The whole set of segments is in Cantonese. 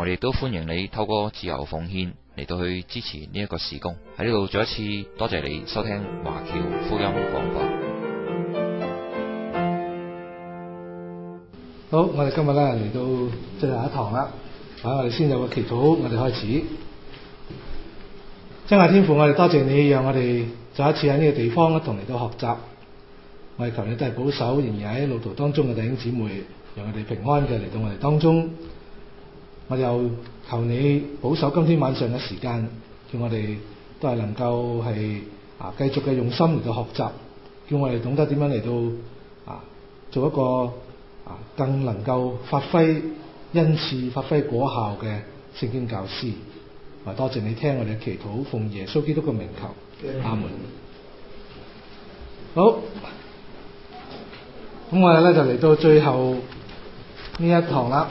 我哋都歡迎你透過自由奉獻嚟到去支持呢一個事工。喺呢度再一次多謝你收聽華僑福音廣播。好，我哋今日咧嚟到最後一堂啦。吓，我哋先有個祈禱，我哋開始。真係天父，我哋多謝你讓我哋再一次喺呢個地方一同嚟到學習。我哋求你都係保守仍然喺路途當中嘅弟兄姊妹，讓佢哋平安嘅嚟到我哋當中。我又求你保守今天晚上嘅時間，叫我哋都係能夠係啊繼續嘅用心嚟到學習，叫我哋懂得點樣嚟到啊做一個啊更能夠發揮恩賜、發揮果效嘅聖經教師。啊，多謝你聽我哋嘅祈禱，奉耶穌基督嘅名求，嗯，阿門。好，咁我哋咧就嚟到最後呢一堂啦。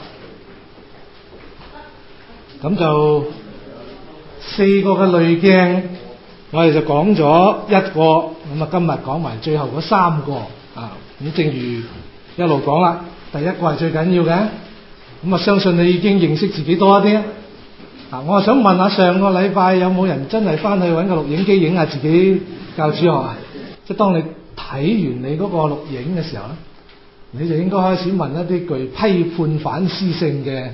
咁就四個嘅濾鏡，我哋就講咗一個，咁啊今日講埋最後嗰三個啊。咁正如一路講啦，第一個係最緊要嘅，咁啊相信你已經認識自己多一啲啊。我啊想問下上個禮拜有冇人真係翻去揾個錄影機影下自己教主學啊？即係當你睇完你嗰個錄影嘅時候咧，你就應該開始問一啲具批判反思性嘅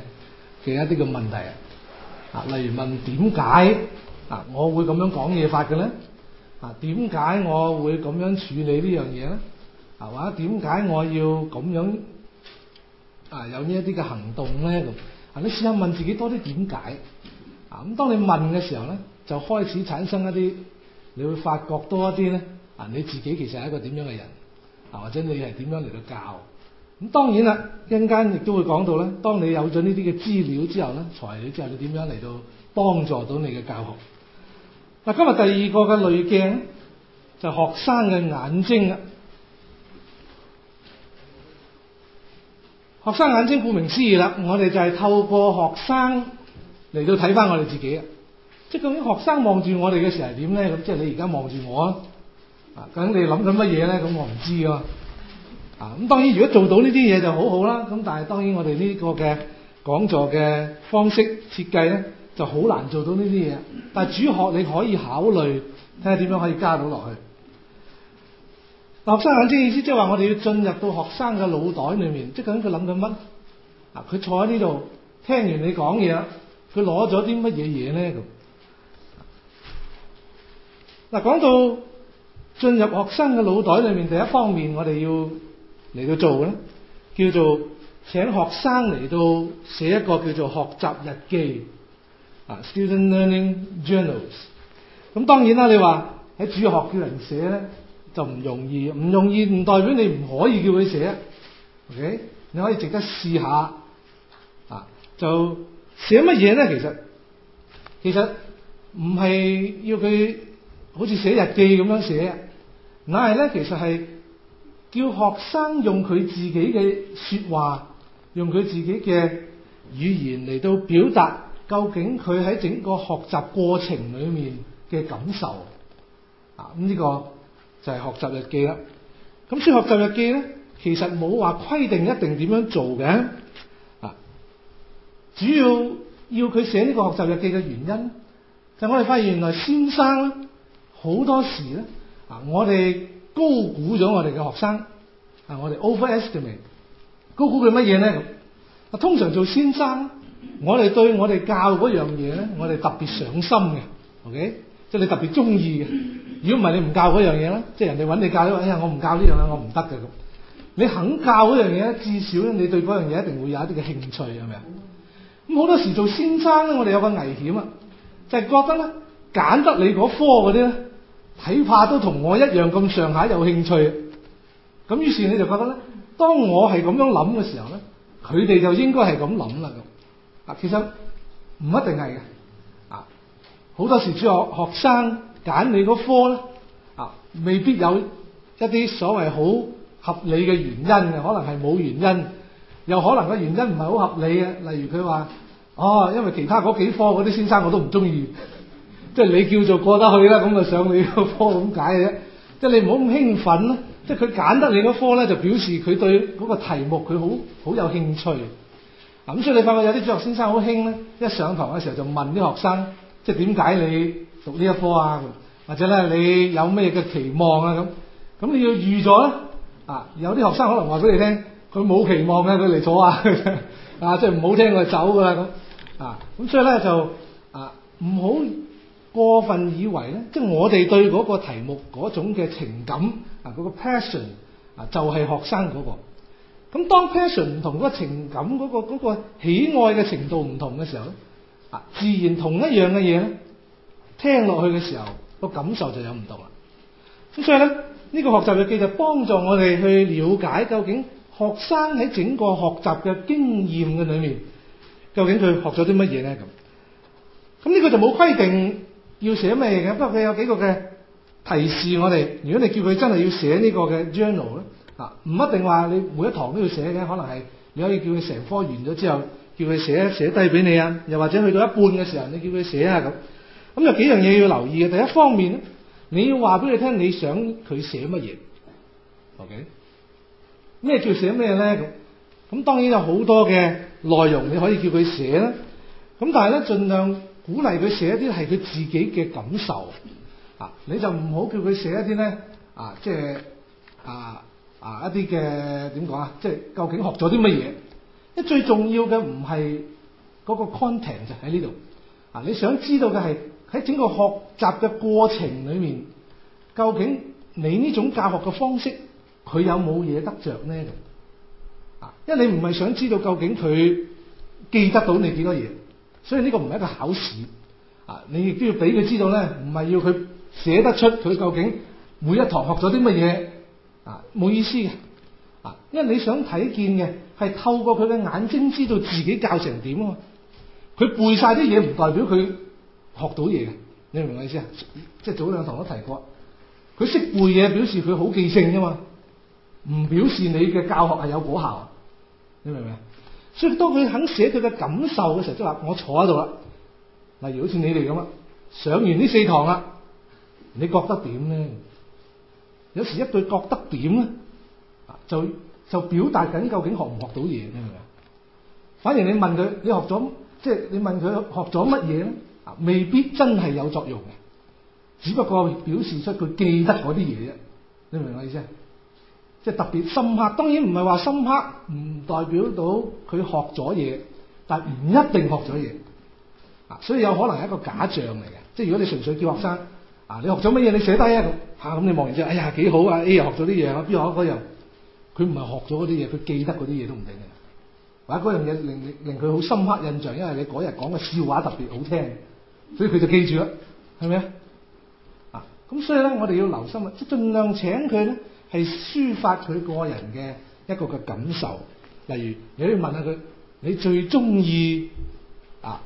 嘅一啲嘅問題啊。啊！例如問點解啊？我會咁樣講嘢法嘅咧？啊，點解我會咁樣處理呢樣嘢咧？或者點解我要咁樣啊？有呢一啲嘅行動咧咁啊？你試下問自己多啲點解啊？咁當你問嘅時候咧，就開始產生一啲，你會發覺多一啲咧啊！你自己其實係一個點樣嘅人啊？或者你係點樣嚟到教？咁當然啦，一陣間亦都會講到咧。當你有咗呢啲嘅資料之後咧，材料之後，你點樣嚟到幫助到你嘅教學？嗱，今日第二個嘅濾鏡就係學生嘅眼睛啊！學生眼睛顧名思義啦，我哋就係透過學生嚟到睇返我哋自己嘅，即係究竟學生望住我哋嘅時候係點咧？咁即係你而家望住我啊？咁你諗緊乜嘢咧？咁我唔知啊。啊，咁當然如果做到呢啲嘢就好好啦。咁但係當然我哋呢個嘅講座嘅方式設計咧，就好難做到呢啲嘢。但係主學你可以考慮，睇下點樣可以加到落去。學生眼睛意思即係話，我哋要進入到學生嘅腦袋裏面，即係咁佢諗緊乜？佢坐喺呢度，聽完你講嘢，佢攞咗啲乜嘢嘢咧？咁嗱，講到進入學生嘅腦袋裏面，第一方面我哋要。嚟到做咧，叫做請學生嚟到寫一個叫做學習日記啊，student learning journals。咁當然啦，你話喺主學叫人寫咧就唔容易，唔容易唔代表你唔可以叫佢寫，OK？你可以值得試下啊，就寫乜嘢咧？其實其實唔係要佢好似寫日記咁樣寫，硬係咧，其實係。叫學生用佢自己嘅說話，用佢自己嘅語言嚟到表達，究竟佢喺整個學習過程裏面嘅感受。啊，咁呢個就係學習日記啦。咁所以學習日記咧，其實冇話規定一定點樣做嘅。啊，主要要佢寫呢個學習日記嘅原因，就我哋發現原來先生咧好多時咧，啊，我哋高估咗我哋嘅學生。啊！我哋 overestimate 高估佢乜嘢咧？啊，通常做先生，我哋對我哋教嗰樣嘢咧，我哋特別上心嘅，ok，即係你特別中意嘅。如果唔係你唔教嗰樣嘢咧，即係人哋搵你教咧，哎呀，我唔教呢樣嘢，我唔得嘅咁。你肯教嗰樣嘢咧，至少咧，你對嗰樣嘢一定會有一啲嘅興趣，係咪啊？咁好多時做先生咧，我哋有個危險啊，就係覺得咧，揀得你嗰科嗰啲咧，睇怕都同我一樣咁上下有興趣。咁於是你就覺得咧，當我係咁樣諗嘅時候咧，佢哋就應該係咁諗啦。咁啊，其實唔一定係嘅。啊，好多時主日學學生揀你嗰科咧，啊，未必有一啲所謂好合理嘅原因嘅，可能係冇原因，又可能個原因唔係好合理嘅。例如佢話：哦，因為其他嗰幾科嗰啲先生我都唔中意，即係你叫做過得去啦，咁就上你個科咁解嘅啫。即係你唔好咁興奮啦。即係佢揀得你嗰科咧，就表示佢對嗰個題目佢好好有興趣。咁所以你發覺有啲主學先生好興咧，一上堂嘅時候就問啲學生，即係點解你讀呢一科啊？或者咧你有咩嘅期望啊？咁咁你要預咗咧。啊，有啲學生可能話俾你聽，佢冇期望嘅，佢嚟咗啊。啊，即係唔好聽佢走㗎啦咁。啊，咁所以咧就啊唔好過分以為咧，即係我哋對嗰個題目嗰種嘅情感啊，嗰個 passion 啊，就係學生嗰個。咁當 passion 唔同嗰個情感嗰個嗰個喜愛嘅程度唔同嘅時候，啊，自然同一樣嘅嘢咧，聽落去嘅時候個感受就有唔同啦。咁所以咧，呢個學習日記就幫助我哋去了解究竟學生喺整個學習嘅經驗嘅裏面，究竟佢學咗啲乜嘢咧咁。咁呢個就冇規定。要寫乜嘢嘅？不過佢有幾個嘅提示我哋。如果你叫佢真係要寫呢個嘅 journal 咧，啊，唔一定話你每一堂都要寫嘅，可能係你可以叫佢成科完咗之後叫佢寫，寫低俾你啊。又或者去到一半嘅時候，你叫佢寫啊咁。咁有幾樣嘢要留意嘅。第一方面咧，你要話俾佢聽你想佢寫乜嘢。OK，咩叫寫咩咧咁？咁當然有好多嘅內容你可以叫佢寫啦。咁但係咧，盡量。鼓勵佢寫一啲係佢自己嘅感受啊！你就唔好叫佢寫一啲咧啊，即係啊啊一啲嘅點講啊，啊即係究竟學咗啲乜嘢？一最重要嘅唔係嗰個 content 就喺呢度啊！你想知道嘅係喺整個學習嘅過程裏面，究竟你呢種教學嘅方式佢有冇嘢得著呢？啊！因為你唔係想知道究竟佢記得到你幾多嘢。所以呢個唔係一個考試啊！你亦都要俾佢知道咧，唔係要佢寫得出佢究竟每一堂學咗啲乜嘢啊，冇意思嘅啊！因為你想睇見嘅係透過佢嘅眼睛知道自己教成點啊嘛，佢背晒啲嘢唔代表佢學到嘢嘅，你明唔明我意思啊？即係早兩堂都提過，佢識背嘢表示佢好記性啫嘛，唔表示你嘅教學係有果效，你明唔明？所以當佢肯寫佢嘅感受嘅時候，即係話我坐喺度啦。例如好似你哋咁啦，上完呢四堂啦，你覺得點咧？有時一句覺得點咧，就就表達緊究竟學唔學到嘢。你明唔明？反而你問佢，你學咗即係你問佢學咗乜嘢咧，未必真係有作用嘅，只不過表示出佢記得嗰啲嘢啫。你明唔明我意思？即係特別深刻，當然唔係話深刻，唔代表到佢學咗嘢，但係唔一定學咗嘢啊，所以有可能係一個假象嚟嘅。即係如果你純粹叫學生啊，你學咗乜嘢，你寫低啊，嚇咁你望完之後，哎呀幾好啊，A 又學咗啲嘢，邊學嗰樣，佢唔係學咗嗰啲嘢，佢記得嗰啲嘢都唔定嘅，或者嗰樣嘢令令佢好深刻印象，因為你嗰日講嘅笑話特別好聽，所以佢就記住啦，係咪啊？啊，咁所以咧，我哋要留心，即係盡量請佢咧。係抒發佢個人嘅一個嘅感受，例如你可以問下佢，你最中意啊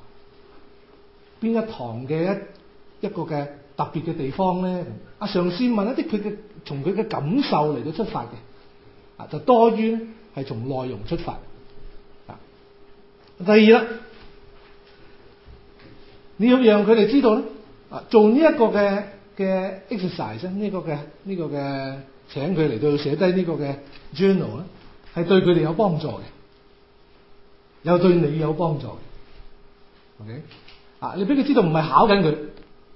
邊一堂嘅一一個嘅特別嘅地方咧？啊，嘗試問一啲佢嘅從佢嘅感受嚟到出發嘅啊，就多於咧係從內容出發。啊，第二啦，你要讓佢哋知道咧啊，做呢一個嘅嘅 exercise 呢個嘅呢個嘅。請佢嚟到寫低呢個嘅 journal 咧，係對佢哋有幫助嘅，又對你有幫助嘅，OK？啊，你俾佢知道唔係考緊佢，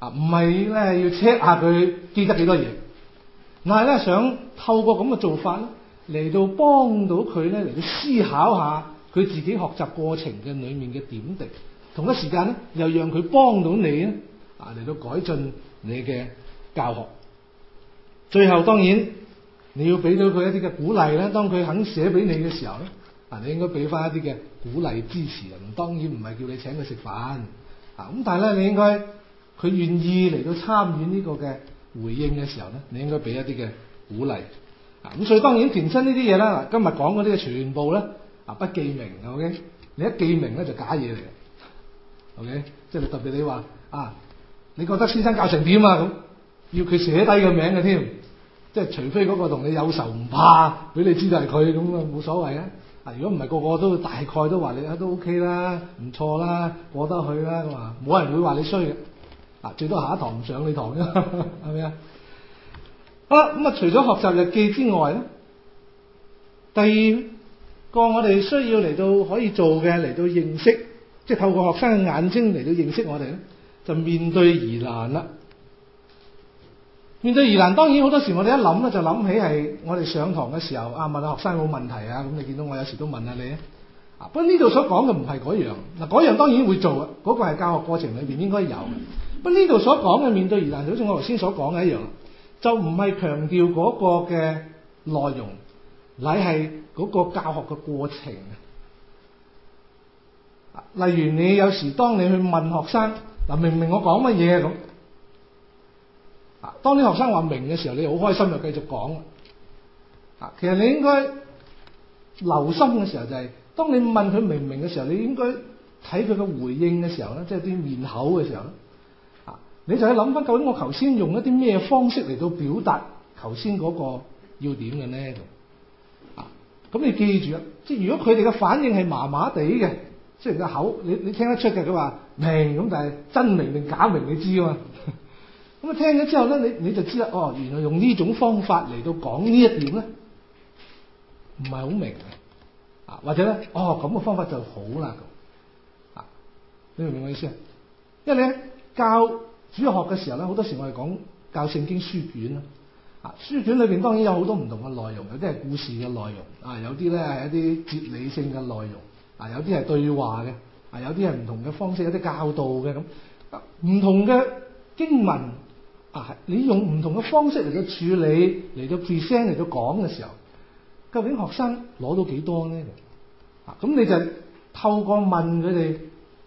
啊，唔係咧要 check 下佢記得幾多嘢，但係咧想透過咁嘅做法咧，嚟到幫到佢咧嚟到思考下佢自己學習過程嘅裏面嘅點滴，同一時間咧又讓佢幫到你啊嚟到改進你嘅教學，最後當然。你要俾到佢一啲嘅鼓勵咧，當佢肯寫俾你嘅時候咧，你應該俾翻一啲嘅鼓勵支持啊。唔當然唔係叫你請佢食飯啊，咁但係咧，你應該佢願意嚟到參與呢個嘅回應嘅時候咧，你應該俾一啲嘅鼓勵啊。咁所以當然填親呢啲嘢啦。今日講嗰啲嘅全部咧，啊不記名 OK。OK? 你一記名咧就假嘢嚟嘅，OK。即、OK? 係特別你話啊，你覺得先生教成點啊？咁要佢寫低個名嘅添。即係除非嗰個同你有仇，唔怕，俾你知道係佢咁啊，冇所謂啊！啊如果唔係個個都大概都話你都 OK 啦，唔錯啦，過得去啦咁啊，冇人會話你衰嘅啊！最多下一堂唔上你堂啫，係 咪啊？咁、嗯、啊除咗學習日記之外咧，第二個我哋需要嚟到可以做嘅嚟到認識，即係透過學生嘅眼睛嚟到認識我哋咧，就面對疑難啦。面對疑難，當然好多時我哋一諗咧，就諗起係我哋上堂嘅時候，啊問下學生有冇問題啊？咁你見到我有時都問下你啊。這裡不過呢度所講嘅唔係嗰樣，嗱，嗰樣當然會做嘅，嗰個係教學過程裏邊應該有嘅。不過呢度所講嘅面對疑難，就好似我頭先所講嘅一樣，就唔係強調嗰個嘅內容，乃係嗰個教學嘅過程啊。例如你有時當你去問學生，嗱，明唔明我講乜嘢咁？啊！當啲學生話明嘅時候，你好開心就繼續講啦。啊，其實你應該留心嘅時候就係，當你問佢明唔明嘅時候，你應該睇佢嘅回應嘅時候咧，即係啲面口嘅時候咧。啊，你就去諗翻究竟我頭先用一啲咩方式嚟到表達頭先嗰個要點嘅咧？啊，咁你記住啦，即係如果佢哋嘅反應係麻麻地嘅，即係個口，你你聽得出嘅，佢話明咁，但係真明定假明你知啊嘛。咁聽咗之後咧，你你就知啦。哦，原來用呢種方法嚟到講呢一點咧，唔係好明啊。或者咧，哦，咁嘅方法就好啦。啊，你明唔明我意思啊？因為咧教主學學嘅時候咧，好多時我哋講教聖經書卷啦。啊，書卷裏邊當然有好多唔同嘅內容，有啲係故事嘅內容啊，有啲咧係一啲哲理性嘅內容啊，有啲係對話嘅啊，有啲係唔同嘅方式，有啲教導嘅咁，唔同嘅經文。啊，你用唔同嘅方式嚟到處理，嚟到 present 嚟到講嘅時候，究竟學生攞到幾多咧？啊，咁你就透過問佢哋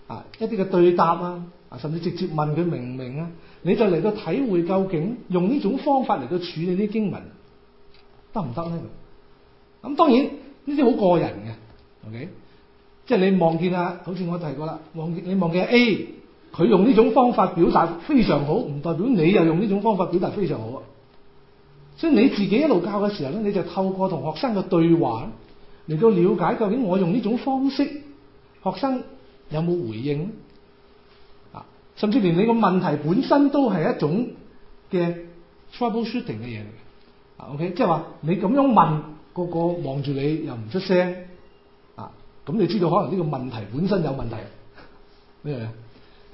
啊一啲嘅對答啊，啊甚至直接問佢明唔明啊？你就嚟到體會究竟用呢種方法嚟到處理啲經文得唔得咧？咁當然呢啲好個人嘅，OK，即係你望見啊，好似我提過啦，望你望見 A。佢用呢種方法表達非常好，唔代表你又用呢種方法表達非常好啊。所以你自己一路教嘅時候咧，你就透過同學生嘅對話嚟到了解究竟我用呢種方式，學生有冇回應？啊，甚至連你個問題本身都係一種嘅 troubleshooting 嘅嘢嚟嘅。啊，OK，即係話你咁樣問，個個望住你又唔出聲，啊，咁你知道可能呢個問題本身有問題咩？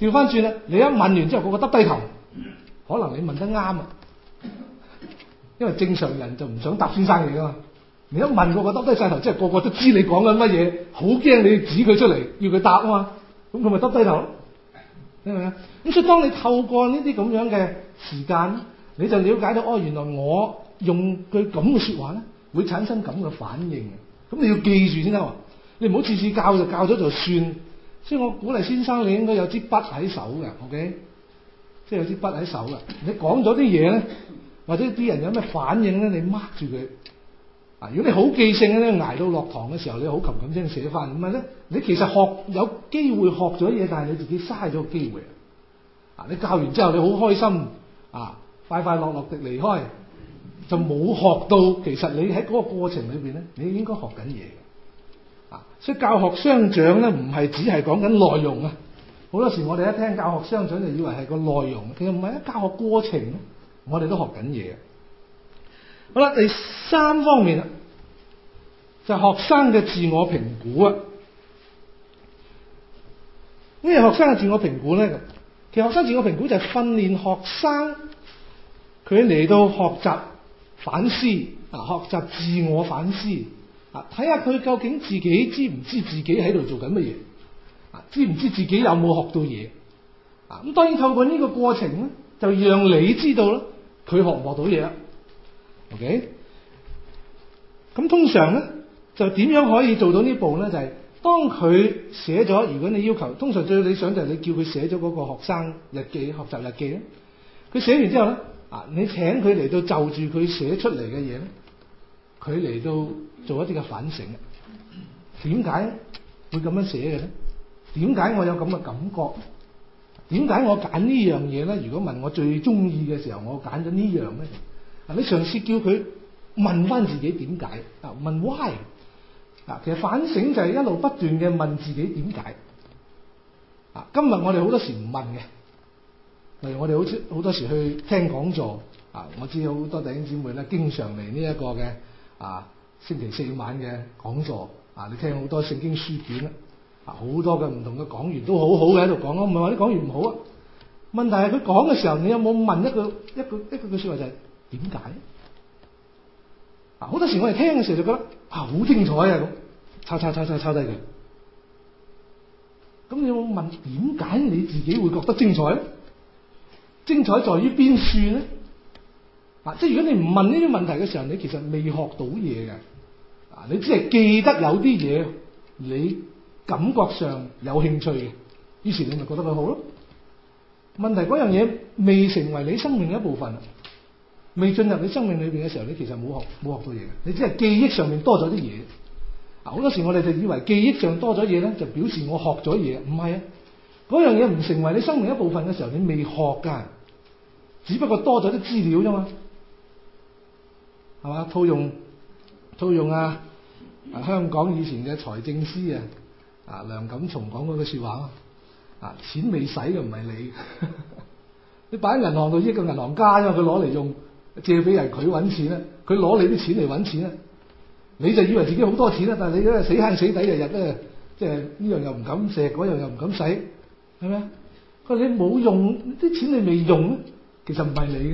調翻轉啦！你一問完之後，個個耷低頭，可能你問得啱啊，因為正常人就唔想答先生嚟噶嘛。你一問個個耷低晒頭，即係個個都知你講緊乜嘢，好驚你指佢出嚟，要佢答啊嘛。咁佢咪耷低頭，係咪啊？咁所以當你透過呢啲咁樣嘅時間，你就了解到，哦，原來我用佢咁嘅說話咧，會產生咁嘅反應。咁你要記住先得，你唔好次次教就教咗就算。即係我鼓勵先生，你應該有支筆喺手嘅，OK？即係有支筆喺手嘅。你講咗啲嘢咧，或者啲人有咩反應咧，你 mark 住佢。啊，如果你好記性咧，挨到落堂嘅時候，你好琴琴聲寫翻。唔係咧，你其實學有機會學咗嘢，但係你自己嘥咗個機會。啊，你教完之後你好開心啊，快快樂樂地離開，就冇學到。其實你喺個過程裏邊咧，你應該學緊嘢。.啊！所以教學相長咧，唔係只係講緊內容啊。好多時我哋一聽教學相長就以為係個內容，其實唔係，一教學過程，我哋都學緊嘢。好啦，第三方面就係學生嘅自我評估啊。咩叫學生嘅自我評估呢？其實學生自我評估就係訓練學生佢嚟到學習反思啊，學習自我反思。啊！睇下佢究竟自己知唔知自己喺度做緊乜嘢？啊，知唔知自己有冇學到嘢？啊，咁當然透過呢個過程咧，就讓你知道啦，佢學唔學到嘢啦。OK，咁通常咧就點樣可以做到呢步咧？就係當佢寫咗，如果你要求，通常最理想就係你叫佢寫咗嗰個學生日記、學習日記咧。佢寫完之後咧，啊，你請佢嚟到就住佢寫出嚟嘅嘢咧。佢嚟到做一啲嘅反省，點解會咁樣寫嘅咧？點解我有咁嘅感覺？點解我揀呢樣嘢咧？如果問我最鍾意嘅時候，我揀咗呢樣咧？嗱，你嘗試叫佢問返自己點解？啊，問 why？啊，其實反省就係一路不斷嘅問自己點解。啊，今日我哋好多時唔問嘅，例如我哋好似好多時去聽講座。啊，我知好多弟兄姊妹咧，經常嚟呢一個嘅。啊，星期四晚嘅講座啊，你聽好多聖經書卷啦，啊，好多嘅唔同嘅講員都好好嘅喺度講咯，我唔係話啲講員唔好啊。問題係佢講嘅時候，你有冇問一個一個一個句説話就係點解？啊，好多時我哋聽嘅時候就覺得，啊好精彩啊咁，抄抄抄抄抄低佢。咁你有冇問點解你自己會覺得精彩咧？精彩在於邊處咧？嗱，即係如果你唔問呢啲問題嘅時候，你其實未學到嘢嘅，啊，你只係記得有啲嘢，你感覺上有興趣嘅，於是你咪覺得佢好咯。問題，嗰樣嘢未成為你生命嘅一部分，未進入你生命裏面嘅時候，你其實冇學冇學到嘢嘅，你只係記憶上面多咗啲嘢。啊，好多時我哋就以為記憶上多咗嘢咧，就表示我學咗嘢，唔係啊，嗰樣嘢唔成為你生命嘅一部分嘅時候，你未學㗎，只不過多咗啲資料啫嘛。係嘛？套用套用啊，啊！香港以前嘅財政司啊，啊梁錦松講嗰句説話啊，啊錢未使嘅唔係你，呵呵你擺喺銀行度，一個銀行家因為佢攞嚟用借俾人錢，佢揾錢啦，佢攞你啲錢嚟揾錢啦，你就以為自己好多錢啦，但係你咧死慳死抵，日日咧即係呢樣又唔敢借，嗰樣又唔敢使，係咪啊？佢話你冇用啲錢，你未用咧，其實唔係你嘅，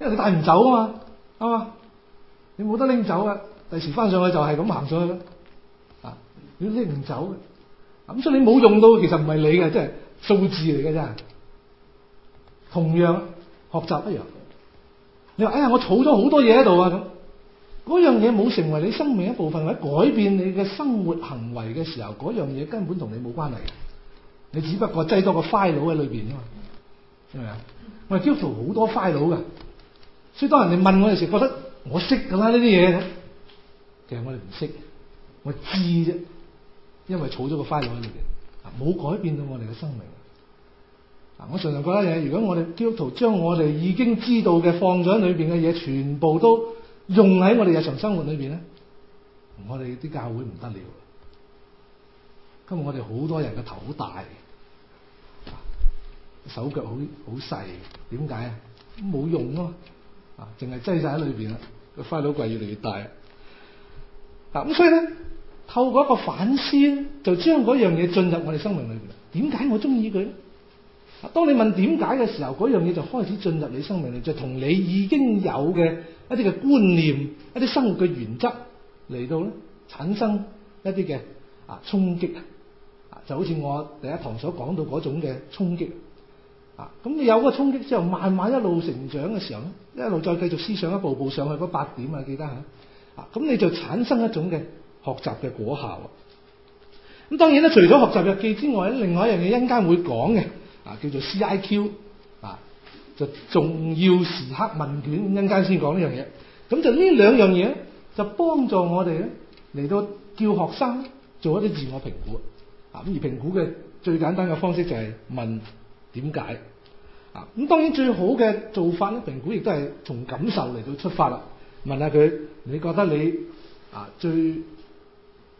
因為你帶唔走啊嘛，係嘛？你冇得拎走啊！第時翻上去就係咁行上去咯，啊！你拎唔走嘅，咁、啊、所以你冇用到，其實唔係你嘅，即係數字嚟嘅啫。同樣學習一樣，你話哎呀，我儲咗好多嘢喺度啊！咁嗰樣嘢冇成為你生命一部分或者改變你嘅生活行為嘅時候，嗰樣嘢根本同你冇關係嘅。你只不過擠多個 file 喺裏邊啫嘛，係咪啊？我係幾乎好多 file 嘅，所以當人哋問我嘅時覺得。我識噶啦呢啲嘢，其實我哋唔識，我知啫，因為儲咗個 file 喺裏邊，啊，冇改變到我哋嘅生命。嗱，我常常覺得嘢，如果我哋基督徒將我哋已經知道嘅，放咗喺裏邊嘅嘢，全部都用喺我哋日常生活裏邊咧，我哋啲教會唔得了。今日我哋好多人嘅頭好大，手腳好好細，點解啊？冇用咯，啊，淨係擠晒喺裏邊啦。個花柳櫃越嚟越大啊！嗱，咁所以咧，透過一個反思咧，就將嗰樣嘢進入我哋生命裏邊。點解我中意佢咧？當你問點解嘅時候，嗰樣嘢就開始進入你生命裏，就同你已經有嘅一啲嘅觀念、一啲生活嘅原則嚟到咧，產生一啲嘅啊衝擊啊！就好似我第一堂所講到嗰種嘅衝擊。啊！咁你有個衝擊之後，慢慢一路成長嘅時候，一路再繼續思想一步步上去嗰八點啊，記得吓啊！咁你就產生一種嘅學習嘅果效。咁當然咧，除咗學習日記之外咧，另外一樣嘢一陣間會講嘅啊，叫做 C.I.Q. 啊，就重要時刻問卷，一陣間先講呢樣嘢。咁就呢兩樣嘢咧，就幫助我哋咧嚟到叫學生做一啲自我評估啊。咁而評估嘅最簡單嘅方式就係問。點解啊？咁當然最好嘅做法咧，評估亦都係從感受嚟到出發啦。問下佢，你覺得你啊最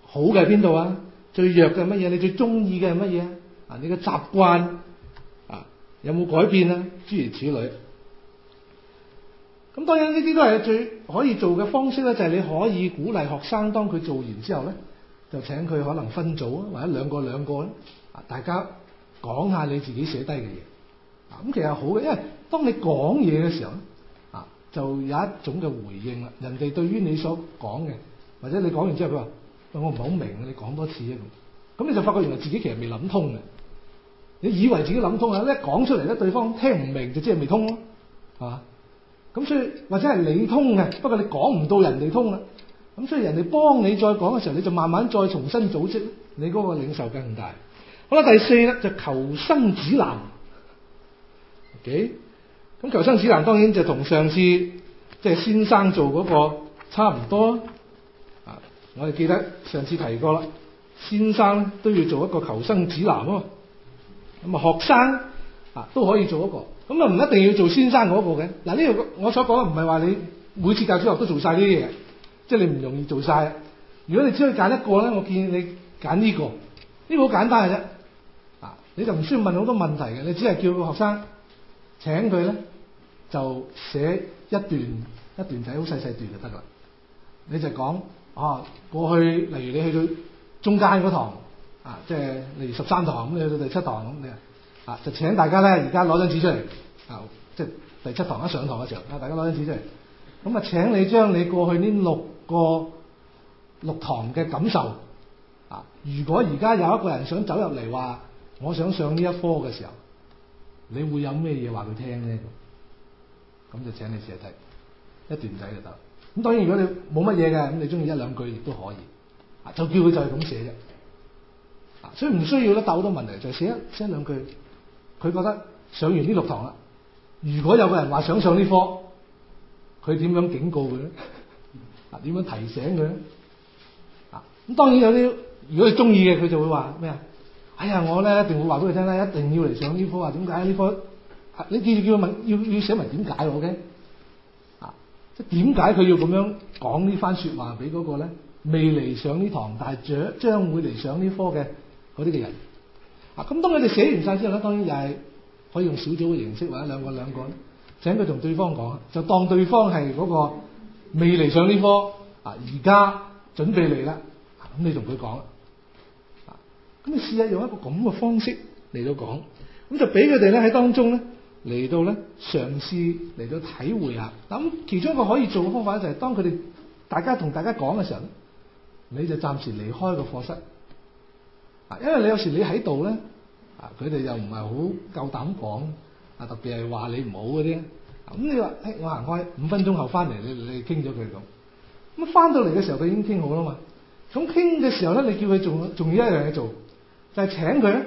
好嘅係邊度啊？最弱嘅係乜嘢？你最中意嘅係乜嘢啊？你嘅習慣啊，有冇改變咧？諸如此類。咁當然呢啲都係最可以做嘅方式咧，就係、是、你可以鼓勵學生當佢做完之後咧，就請佢可能分組啊，或者兩個兩個咧，啊，大家。講下你自己寫低嘅嘢，咁其實好嘅，因為當你講嘢嘅時候咧，啊，就有一種嘅回應啦。人哋對於你所講嘅，或者你講完之後佢話：我唔係好明啊，你講多次啊咁，你就發覺原來自己其實未諗通嘅。你以為自己諗通啊，一講出嚟咧，對方聽唔明就即係未通咯，係咪？咁所以或者係你通嘅，不過你講唔到人哋通啦。咁所以人哋幫你再講嘅時候，你就慢慢再重新組織，你嗰個領受更大。好啦，第四咧就求生指南。O K，咁求生指南當然就同上次即係先生做嗰個差唔多啊。我哋記得上次提過啦，先生都要做一個求生指南喎。咁啊，學生啊都可以做一個，咁啊唔一定要做先生嗰個嘅。嗱，呢度，我所講嘅唔係話你每次教小學都做晒呢啲嘢，即係你唔容易做晒。如果你只可以揀一個咧，我建議你揀呢個，呢個好簡單嘅啫。你就唔需要問好多問題嘅，你只係叫個學生請佢咧，就寫一段一段仔好細細段就得啦。你就講、啊、過去例如你去到中間嗰堂啊，即係例如十三堂咁，你去到第七堂咁，你啊就請大家咧，而家攞張紙出嚟啊，即係第七堂一上堂嘅時候啊，大家攞張紙出嚟咁啊，就請你將你過去呢六個六堂嘅感受啊，如果而家有一個人想走入嚟話，我想上呢一科嘅時候，你會有咩嘢話佢聽咧？咁就請你寫睇一段仔就得。咁當然，如果你冇乜嘢嘅，咁你中意一兩句亦都可以。啊，就叫佢就係咁寫嘅啊，所以唔需要咧，答好多問題就寫一寫一兩句。佢覺得上完呢六堂啦，如果有個人話想上呢科，佢點樣警告佢咧？啊，點樣提醒佢咧？啊，咁當然有啲，如果你中意嘅，佢就會話咩啊？哎呀，我咧一定會話俾佢聽啦，一定要嚟上呢科啊！點解呢科？你記住叫佢問，要要寫埋點解我 OK 啊，即點解佢要咁樣講呢番說話俾嗰個咧未嚟上呢堂，但係將將會嚟上呢科嘅嗰啲嘅人？啊，咁當佢哋寫完曬之後咧，當然又係可以用小組嘅形式，或者兩個兩個，請佢同對方講，就當對方係嗰個未嚟上呢科啊，而家準備嚟啦，咁你同佢講啦。咁你試一下用一個咁嘅方式嚟到講，咁就俾佢哋咧喺當中咧嚟到咧嘗試嚟到體會下。咁，其中一個可以做嘅方法就係當佢哋大家同大家講嘅時候咧，你就暫時離開個課室啊，因為你有時你喺度咧啊，佢哋又唔係好夠膽講啊，特別係話你唔好嗰啲。咁你話，「誒我行開五分鐘後翻嚟，你你傾咗佢咁。」咁翻到嚟嘅時候，佢已經傾好啦嘛。咁傾嘅時候咧，你叫佢做，仲要一樣嘢做。就係請佢咧，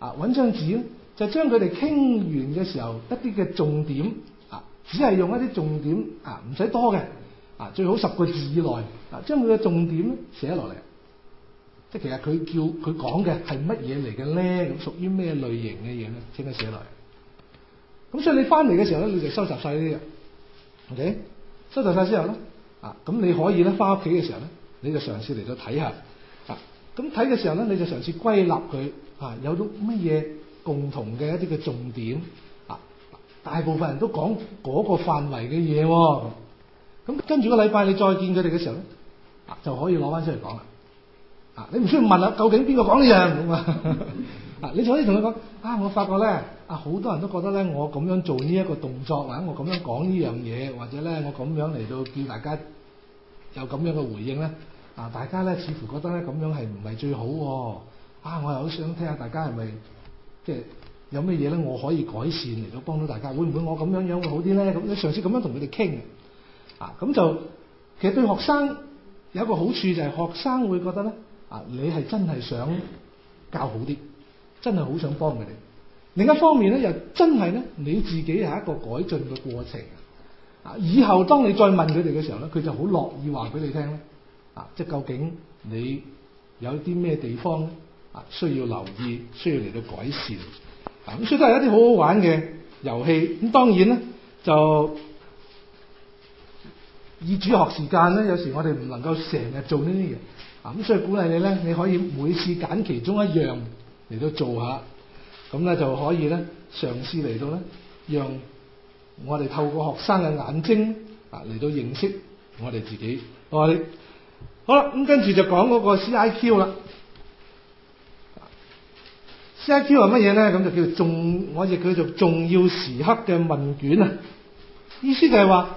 啊揾張紙咧，就將佢哋傾完嘅時候一啲嘅重點，啊只係用一啲重點，啊唔使多嘅，啊最好十個字以內，啊將佢嘅重點寫落嚟。即係其實佢叫佢講嘅係乜嘢嚟嘅咧？屬於咩類型嘅嘢咧？請佢寫落嚟。咁所以你翻嚟嘅時候咧，你就收集晒呢啲，OK？收集晒之後咧，啊咁你可以咧翻屋企嘅時候咧，你就嘗試嚟到睇下。咁睇嘅時候咧，你就嘗試歸納佢有咗乜嘢共同嘅一啲嘅重點啊！大部分人都講嗰個範圍嘅嘢喎，咁跟住個禮拜你再見佢哋嘅時候咧，啊就可以攞翻出嚟講啦！啊，你唔需要問啦，究竟邊個講呢樣咁啊？啊，你就可以同佢講啊，我發覺咧啊，好多人都覺得咧，我咁樣做呢一個動作或者我咁樣講呢樣嘢，或者咧我咁樣嚟到叫大家有咁樣嘅回應咧。嗱，大家咧似乎覺得咧咁樣係唔係最好喎？啊，啊，我又好想聽下大家係咪即係有咩嘢咧？我可以改善嚟到幫到大家，會唔會我咁樣樣會好啲咧？咁你上次咁樣同佢哋傾啊，咁就其實對學生有一個好處，就係學生會覺得咧啊，你係真係想教好啲，真係好想幫佢哋。另一方面咧，又真係咧，你自己係一個改進嘅過程啊。以後當你再問佢哋嘅時候咧，佢就好樂意話俾你聽咧。啊！即係究竟你有啲咩地方啊需要留意，需要嚟到改善啊！咁所以都係一啲好好玩嘅遊戲。咁、啊、當然咧，就以主學時間咧，有時我哋唔能夠成日做呢啲嘢啊！咁所以鼓勵你咧，你可以每次揀其中一樣嚟到做下，咁、啊、咧就可以咧嘗試嚟到咧，讓我哋透過學生嘅眼睛啊嚟到認識我哋自己。我、啊、哋。好啦，咁跟住就講嗰個 CIQ 啦。CIQ 係乜嘢咧？咁就叫做重，我哋叫做重要時刻嘅問卷啊。意思就係話，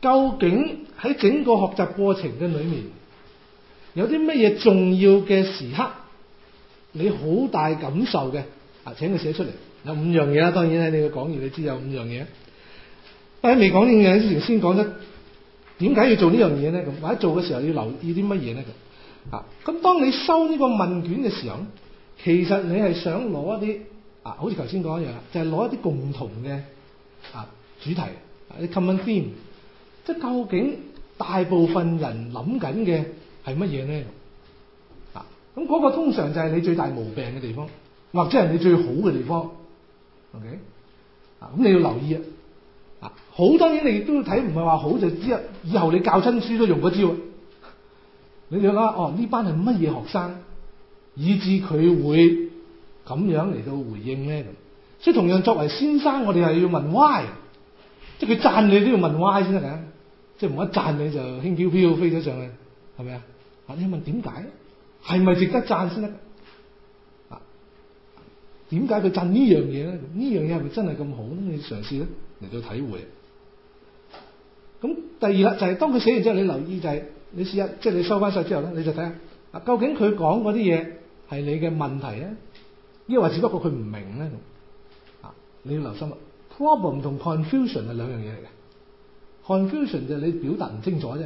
究竟喺整個學習過程嘅裏面，有啲乜嘢重要嘅時刻，你好大感受嘅，啊請佢寫出嚟。有五樣嘢啦，當然喺你嘅講義你知有五樣嘢。但喺未講呢樣嘢之前，先講得。點解要做這件事呢樣嘢咧？咁或者做嘅時候要留意啲乜嘢咧？咁啊，咁當你收呢個問卷嘅時候，其實你係想攞一啲啊，好似頭先講一樣，就係、是、攞一啲共同嘅啊主題，你、啊、common theme，即係究竟大部分人諗緊嘅係乜嘢咧？啊，咁嗰個通常就係你最大毛病嘅地方，或者係你最好嘅地方。OK，啊，咁你要留意啊。好當然你亦都睇唔係話好就知啊！以後你教親書都用嗰招，你就諗哦呢班係乜嘢學生，以致佢會咁樣嚟到回應咧。所以同樣作為先生，我哋係要問 why，即係佢讚你都要問 why 先得嘅，即係唔一讚你就輕飄飄飛咗上去，係咪啊？你要問點解，係咪值得讚先得？啊，點解佢讚呢樣嘢咧？呢樣嘢係咪真係咁好？你嘗試咧嚟到體會。咁第二啦，就係當佢寫完之後，你留意就係你試一，即係你收翻晒之後咧，你就睇下啊，究竟佢講嗰啲嘢係你嘅問題咧，抑或只不過佢唔明咧咁啊。你要留心啦。Problem 同 confusion 係兩樣嘢嚟嘅。Confusion 就係你表達唔清楚啫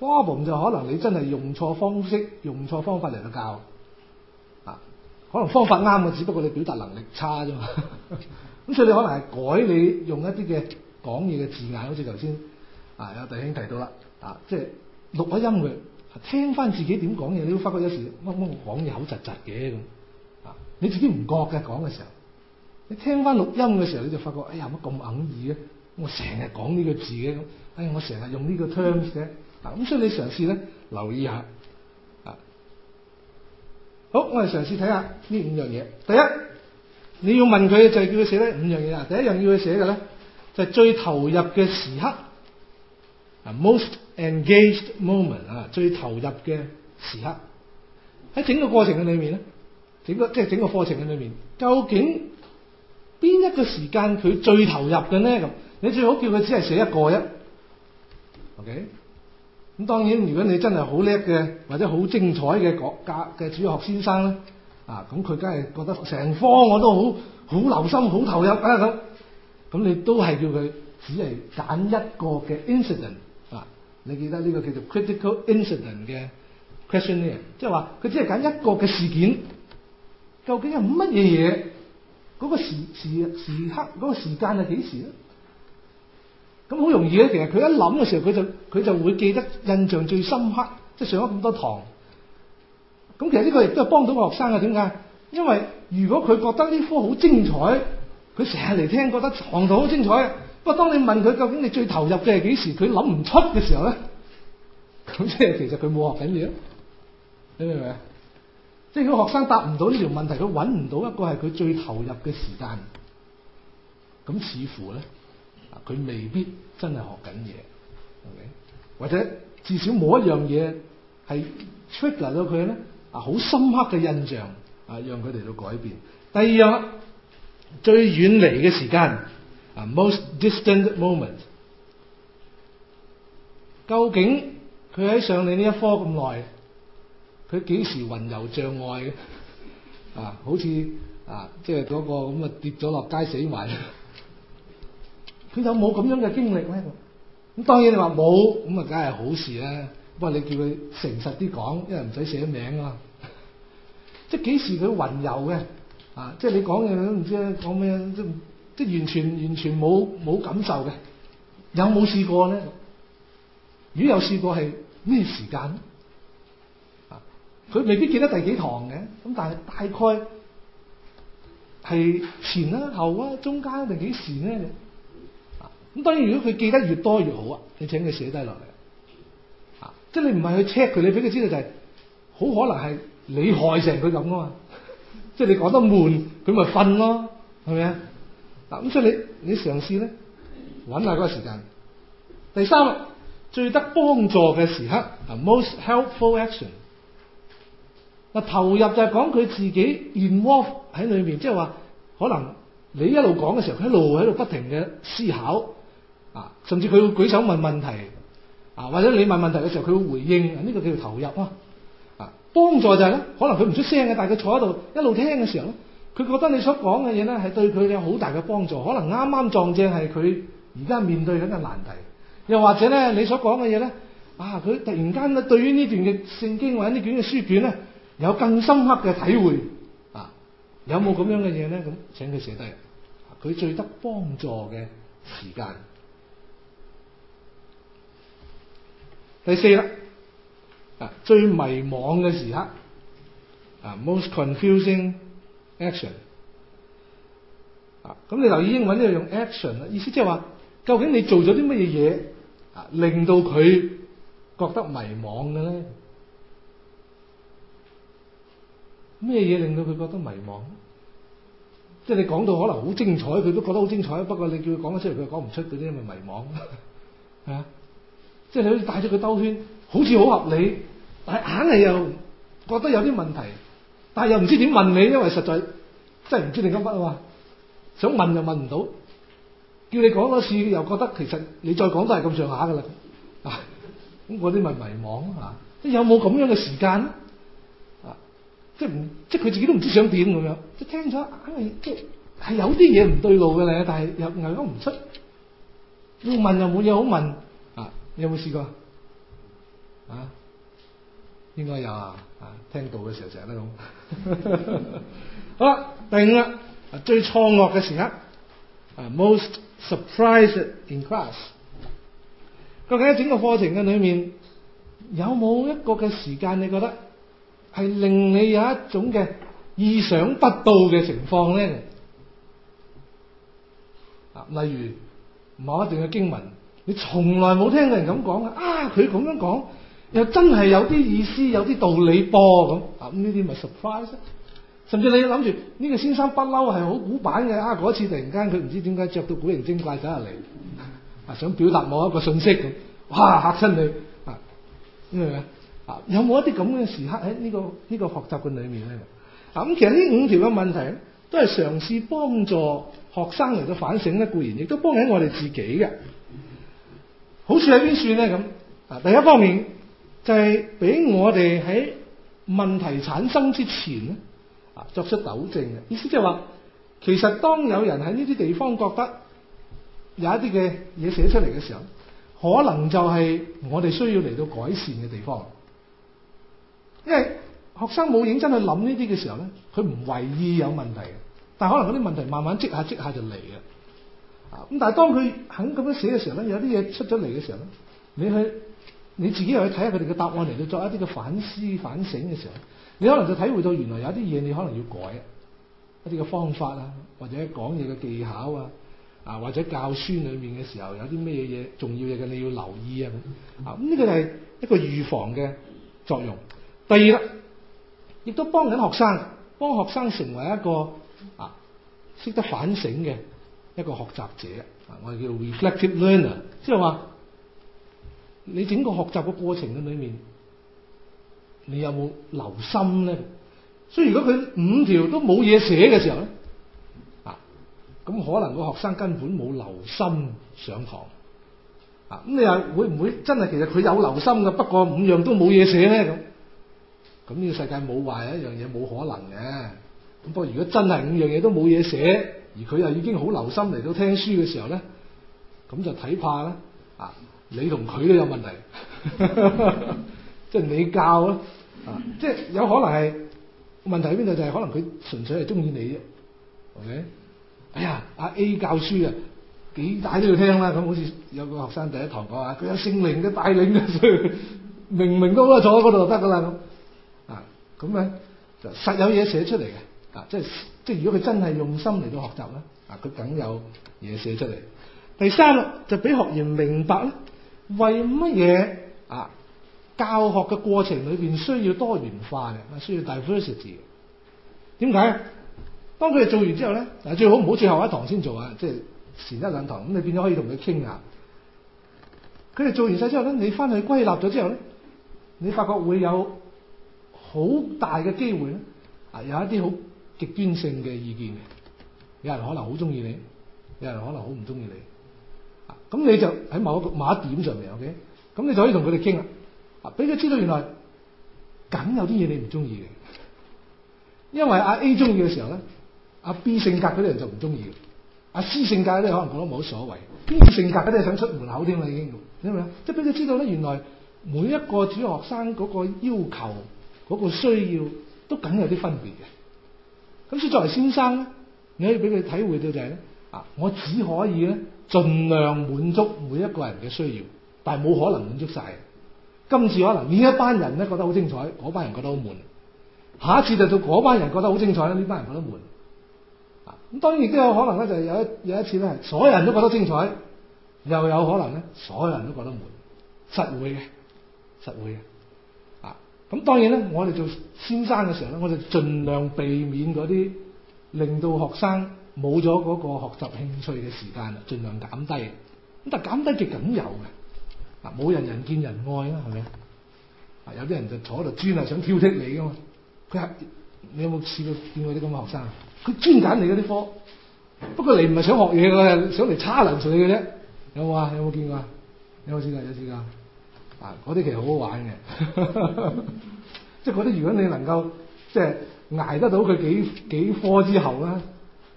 ，problem 就可能你真係用錯方式、用錯方法嚟到教啊，可能方法啱嘅，只不過你表達能力差啫嘛。咁所以你可能係改你用一啲嘅講嘢嘅字眼，好似頭先。啊！有弟兄提到啦，啊，即係錄咗音嘅，聽翻自己點講嘢，你都發覺有時乜乜講嘢口窒窒嘅咁啊！你自己唔覺嘅講嘅時候，你聽翻錄音嘅時候，你就發覺哎呀乜咁硬義嘅，我成日講呢個字嘅咁，哎我成日用呢個 term 嘅啊，咁所以你嘗試咧，留意一下啊。好，我哋嘗試睇下呢五樣嘢。第一，你要問佢就係叫佢寫呢五樣嘢啊。第一樣要佢寫嘅咧，就係最投入嘅時刻。most engaged moment 啊，最投入嘅時刻喺整個過程嘅裏面咧，整個即係整個課程嘅裏面，究竟邊一個時間佢最投入嘅咧？咁你最好叫佢只係寫一個啫。OK，咁當然如果你真係好叻嘅或者好精彩嘅講家嘅主學先生咧，啊咁佢梗係覺得成科我都好好留心好投入啊咁，咁你都係叫佢只係揀一個嘅 incident。你記得呢個叫做 critical incident 嘅 questionnaire，即係話佢只係揀一個嘅事件，究竟係乜嘢嘢？嗰個時、時、時刻嗰個時間係幾時咧？咁好容易咧，其實佢一諗嘅時候，佢就佢就會記得印象最深刻。即係上咗咁多堂，咁其實呢個亦都係幫到個學生呀。點解？因為如果佢覺得呢科好精彩，佢成日嚟聽，覺得堂度好精彩。不過當你問佢究竟你最投入嘅係幾時，佢諗唔出嘅時候咧，咁即係其實佢冇學緊嘢，你明唔明？即係如果學生答唔到呢條問題，佢搵唔到一個係佢最投入嘅時間，咁似乎咧，佢未必真係學緊嘢，或者至少冇一樣嘢係 trigger 到佢咧啊，好深刻嘅印象啊，讓佢嚟到改變。第二樣最遠離嘅時間。啊，most distant moment，究竟佢喺上你呢一科咁耐，佢幾時雲遊障礙嘅？啊，好似啊，即係嗰個咁啊跌咗落街死埋。佢有冇咁樣嘅經歷咧？咁當然你話冇，咁啊梗係好事啦、啊。不過你叫佢誠實啲講，因為唔使寫名咯。即係幾時佢雲遊嘅？啊，即、就、係、是啊就是、你講嘢都唔知咧，講咩都。即係完全完全冇冇感受嘅，有冇試過咧？如果有試過，係咩時間啊？佢未必記得第幾堂嘅，咁但係大概係前啦、啊、後啊、中間定幾時咧？咁、啊、當然，如果佢記得越多越好啊！你請佢寫低落嚟啊！即係你唔係去 check 佢，你俾佢知道就係、是、好可能係你害成佢咁啊嘛！即係你講得悶，佢咪瞓咯，係咪啊？嗱，咁所以你你嘗試咧，揾下嗰個時間，第三，最得幫助嘅時刻啊，most helpful action。嗱，投入就係講佢自己 involve 喺裏面，即係話可能你一路講嘅時候，佢一路喺度不停嘅思考啊，甚至佢會舉手問問題啊，或者你問問題嘅時候，佢會回應，呢、這個叫做投入啊。啊，幫助就係、是、咧，可能佢唔出聲嘅，但係佢坐喺度一路聽嘅時候咧。佢覺得你所講嘅嘢咧，係對佢有好大嘅幫助。可能啱啱撞正係佢而家面對緊嘅難題，又或者咧，你所講嘅嘢咧，啊，佢突然間咧，對於呢段嘅聖經或者呢卷嘅書卷咧，有更深刻嘅體會啊。有冇咁樣嘅嘢咧？咁請佢寫低佢最得幫助嘅時間。第四啦，啊最迷惘嘅時刻啊，most confusing。action 啊，咁你留意英文呢度用 action 啊，意思即係話，究竟你做咗啲乜嘢嘢啊，令到佢覺得迷茫嘅咧？咩嘢令到佢覺得迷茫？即係你講到可能好精彩，佢都覺得好精彩。不過你叫佢講得出嚟，佢又講唔出嗰啲咪迷茫，係啊。即係你好似帶咗佢兜圈，好似好合理，但係硬係又覺得有啲問題。但係又唔知點問你，因為實在真係唔知你噏乜啊嘛，想問又問唔到，叫你講多次又覺得其實你再講都係咁上下噶啦，咁嗰啲咪迷茫啊！ 啊啊、即有冇咁樣嘅時間啊？即係唔即係佢自己都唔知想點咁樣，即係聽咗硬即係有啲嘢唔對路嘅咧，但係又又講唔出，要問又冇嘢好問啊！你有冇試過啊,啊？應該有啊。聽到嘅時候成日都咁。 好啦，第五啦，最錯愕嘅時刻，most surprised in class。究竟喺整個課程嘅裏面，有冇一個嘅時間你覺得係令你有一種嘅意想不到嘅情況咧？啊，例如某一段嘅經文，你從來冇聽過人咁講嘅，啊，佢咁樣講。又真係有啲意思，有啲道理噃咁啊！咁呢啲咪 surprise 咧？甚至你諗住呢個先生不嬲係好古板嘅啊！嗰次突然間佢唔知點解著到古靈精怪走入嚟啊，想表達某一個訊息咁，哇嚇親你啊！咁、嗯、啊、嗯、有冇一啲咁嘅時刻喺呢、這個呢、這個、學習嘅裏面咧？啊、嗯、咁，其實呢五條嘅問題都係嘗試幫助學生嚟到反省咧，固然亦都幫喺我哋自己嘅。好處喺邊算咧？咁、嗯、啊，第一方面。就係俾我哋喺問題產生之前咧，啊，作出糾正嘅意思，即係話其實當有人喺呢啲地方覺得有一啲嘅嘢寫出嚟嘅時候，可能就係我哋需要嚟到改善嘅地方。因為學生冇認真去諗呢啲嘅時候咧，佢唔為意有問題嘅，但係可能嗰啲問題慢慢積下積下就嚟嘅。啊咁，但係當佢肯咁樣寫嘅時候咧，有啲嘢出咗嚟嘅時候咧，你去，你自己又去睇下佢哋嘅答案嚟到作一啲嘅反思反省嘅時候，你可能就體會到原來有啲嘢你可能要改啊，一啲嘅方法啊，或者講嘢嘅技巧啊，啊或者教書裏面嘅時候有啲咩嘢嘢重要嘢嘅你要留意啊，啊咁呢個就係一個預防嘅作用。第二啦，亦都幫緊學生，幫學生成為一個啊識得反省嘅一個學習者啊，我哋叫 reflective learner，即係話。你整個學習嘅過程嘅裏面，你有冇留心咧？所以如果佢五條都冇嘢寫嘅時候咧，啊，咁可能個學生根本冇留心上堂。啊，咁你又會唔會真係其實佢有留心嘅？不過五樣都冇嘢寫咧咁。咁，啊，呢個世界冇壞一樣嘢冇可能嘅。咁不過如果真係五樣嘢都冇嘢寫，而佢又已經好留心嚟到聽書嘅時候咧，咁就睇怕啦。你同佢都有問題，即係你教咯，即係有可能係問題喺邊度就係可能佢純粹係中意你啫，OK？哎呀，阿 A 教書啊，幾大都要聽啦。咁好似有個學生第一堂講話，佢有聖靈嘅帶領嘅，明明都得，坐喺嗰度就得噶啦咁啊，啊。咁就實有嘢寫出嚟嘅啊，即係即係如果佢真係用心嚟到學習咧，啊，佢梗有嘢寫出嚟。第三，就俾學員明白咧。為乜嘢啊？教學嘅過程裏邊需要多元化嘅，啊，需要 diversity 點解？啊，當佢哋做完之後咧，嗱，最好唔好最後一堂先做啊！即係前一兩堂，咁你變咗可以同佢傾下。佢哋做完晒之後咧，你翻去歸納咗之後咧，你發覺會有好大嘅機會咧，啊，有一啲好極端性嘅意見嘅。有人可能好中意你，有人可能好唔中意你。咁你就喺某一個某一點上面 OK 咁你就可以同佢哋傾啦。俾佢知道原來梗有啲嘢你唔中意嘅，因為阿 A 中意嘅時候咧，阿 B 性格嗰啲人就唔中意嘅，阿 C 性格呢，可能覺得冇乜所謂 B 性格呢，啲想出門口添啦已經。你明唔明？即係俾佢知道咧，原來每一個主日學生嗰個要求、嗰、嗰個需要都梗有啲分別嘅。咁所以作為先生咧，你可以俾佢體會到就係咧，啊，我只可以咧。盡量滿足每一個人嘅需要，但係冇可能滿足晒。今次可能呢一班人咧覺得好精彩，嗰班人覺得好悶。下一次就到嗰班人覺得好精彩啦，呢班人覺得悶。啊，咁當然亦都有可能咧，就有一有一次咧，所有人都覺得精彩，又有可能咧，所有人都覺得悶。實會嘅，實會嘅。啊，咁當然咧，我哋做先生嘅時候咧，我哋盡量避免嗰啲令到學生冇咗嗰個學習興趣嘅時間啦，盡量減低咁，但減低極梗有嘅嗱，冇人人見人愛啦，係咪啊？有啲人就坐喺度專係想挑剔你㗎嘛？佢係你有冇試過見過啲咁嘅學生？佢專揀你嗰啲科，不過你唔係想學嘢，嘅，係想嚟差流水嘅啫。有冇啊？有冇見過啊？有冇試過？有試過嗱？嗰啲其實好好玩嘅，即係嗰啲，如果你能夠即係、即係、捱得到佢幾，幾科之後呢。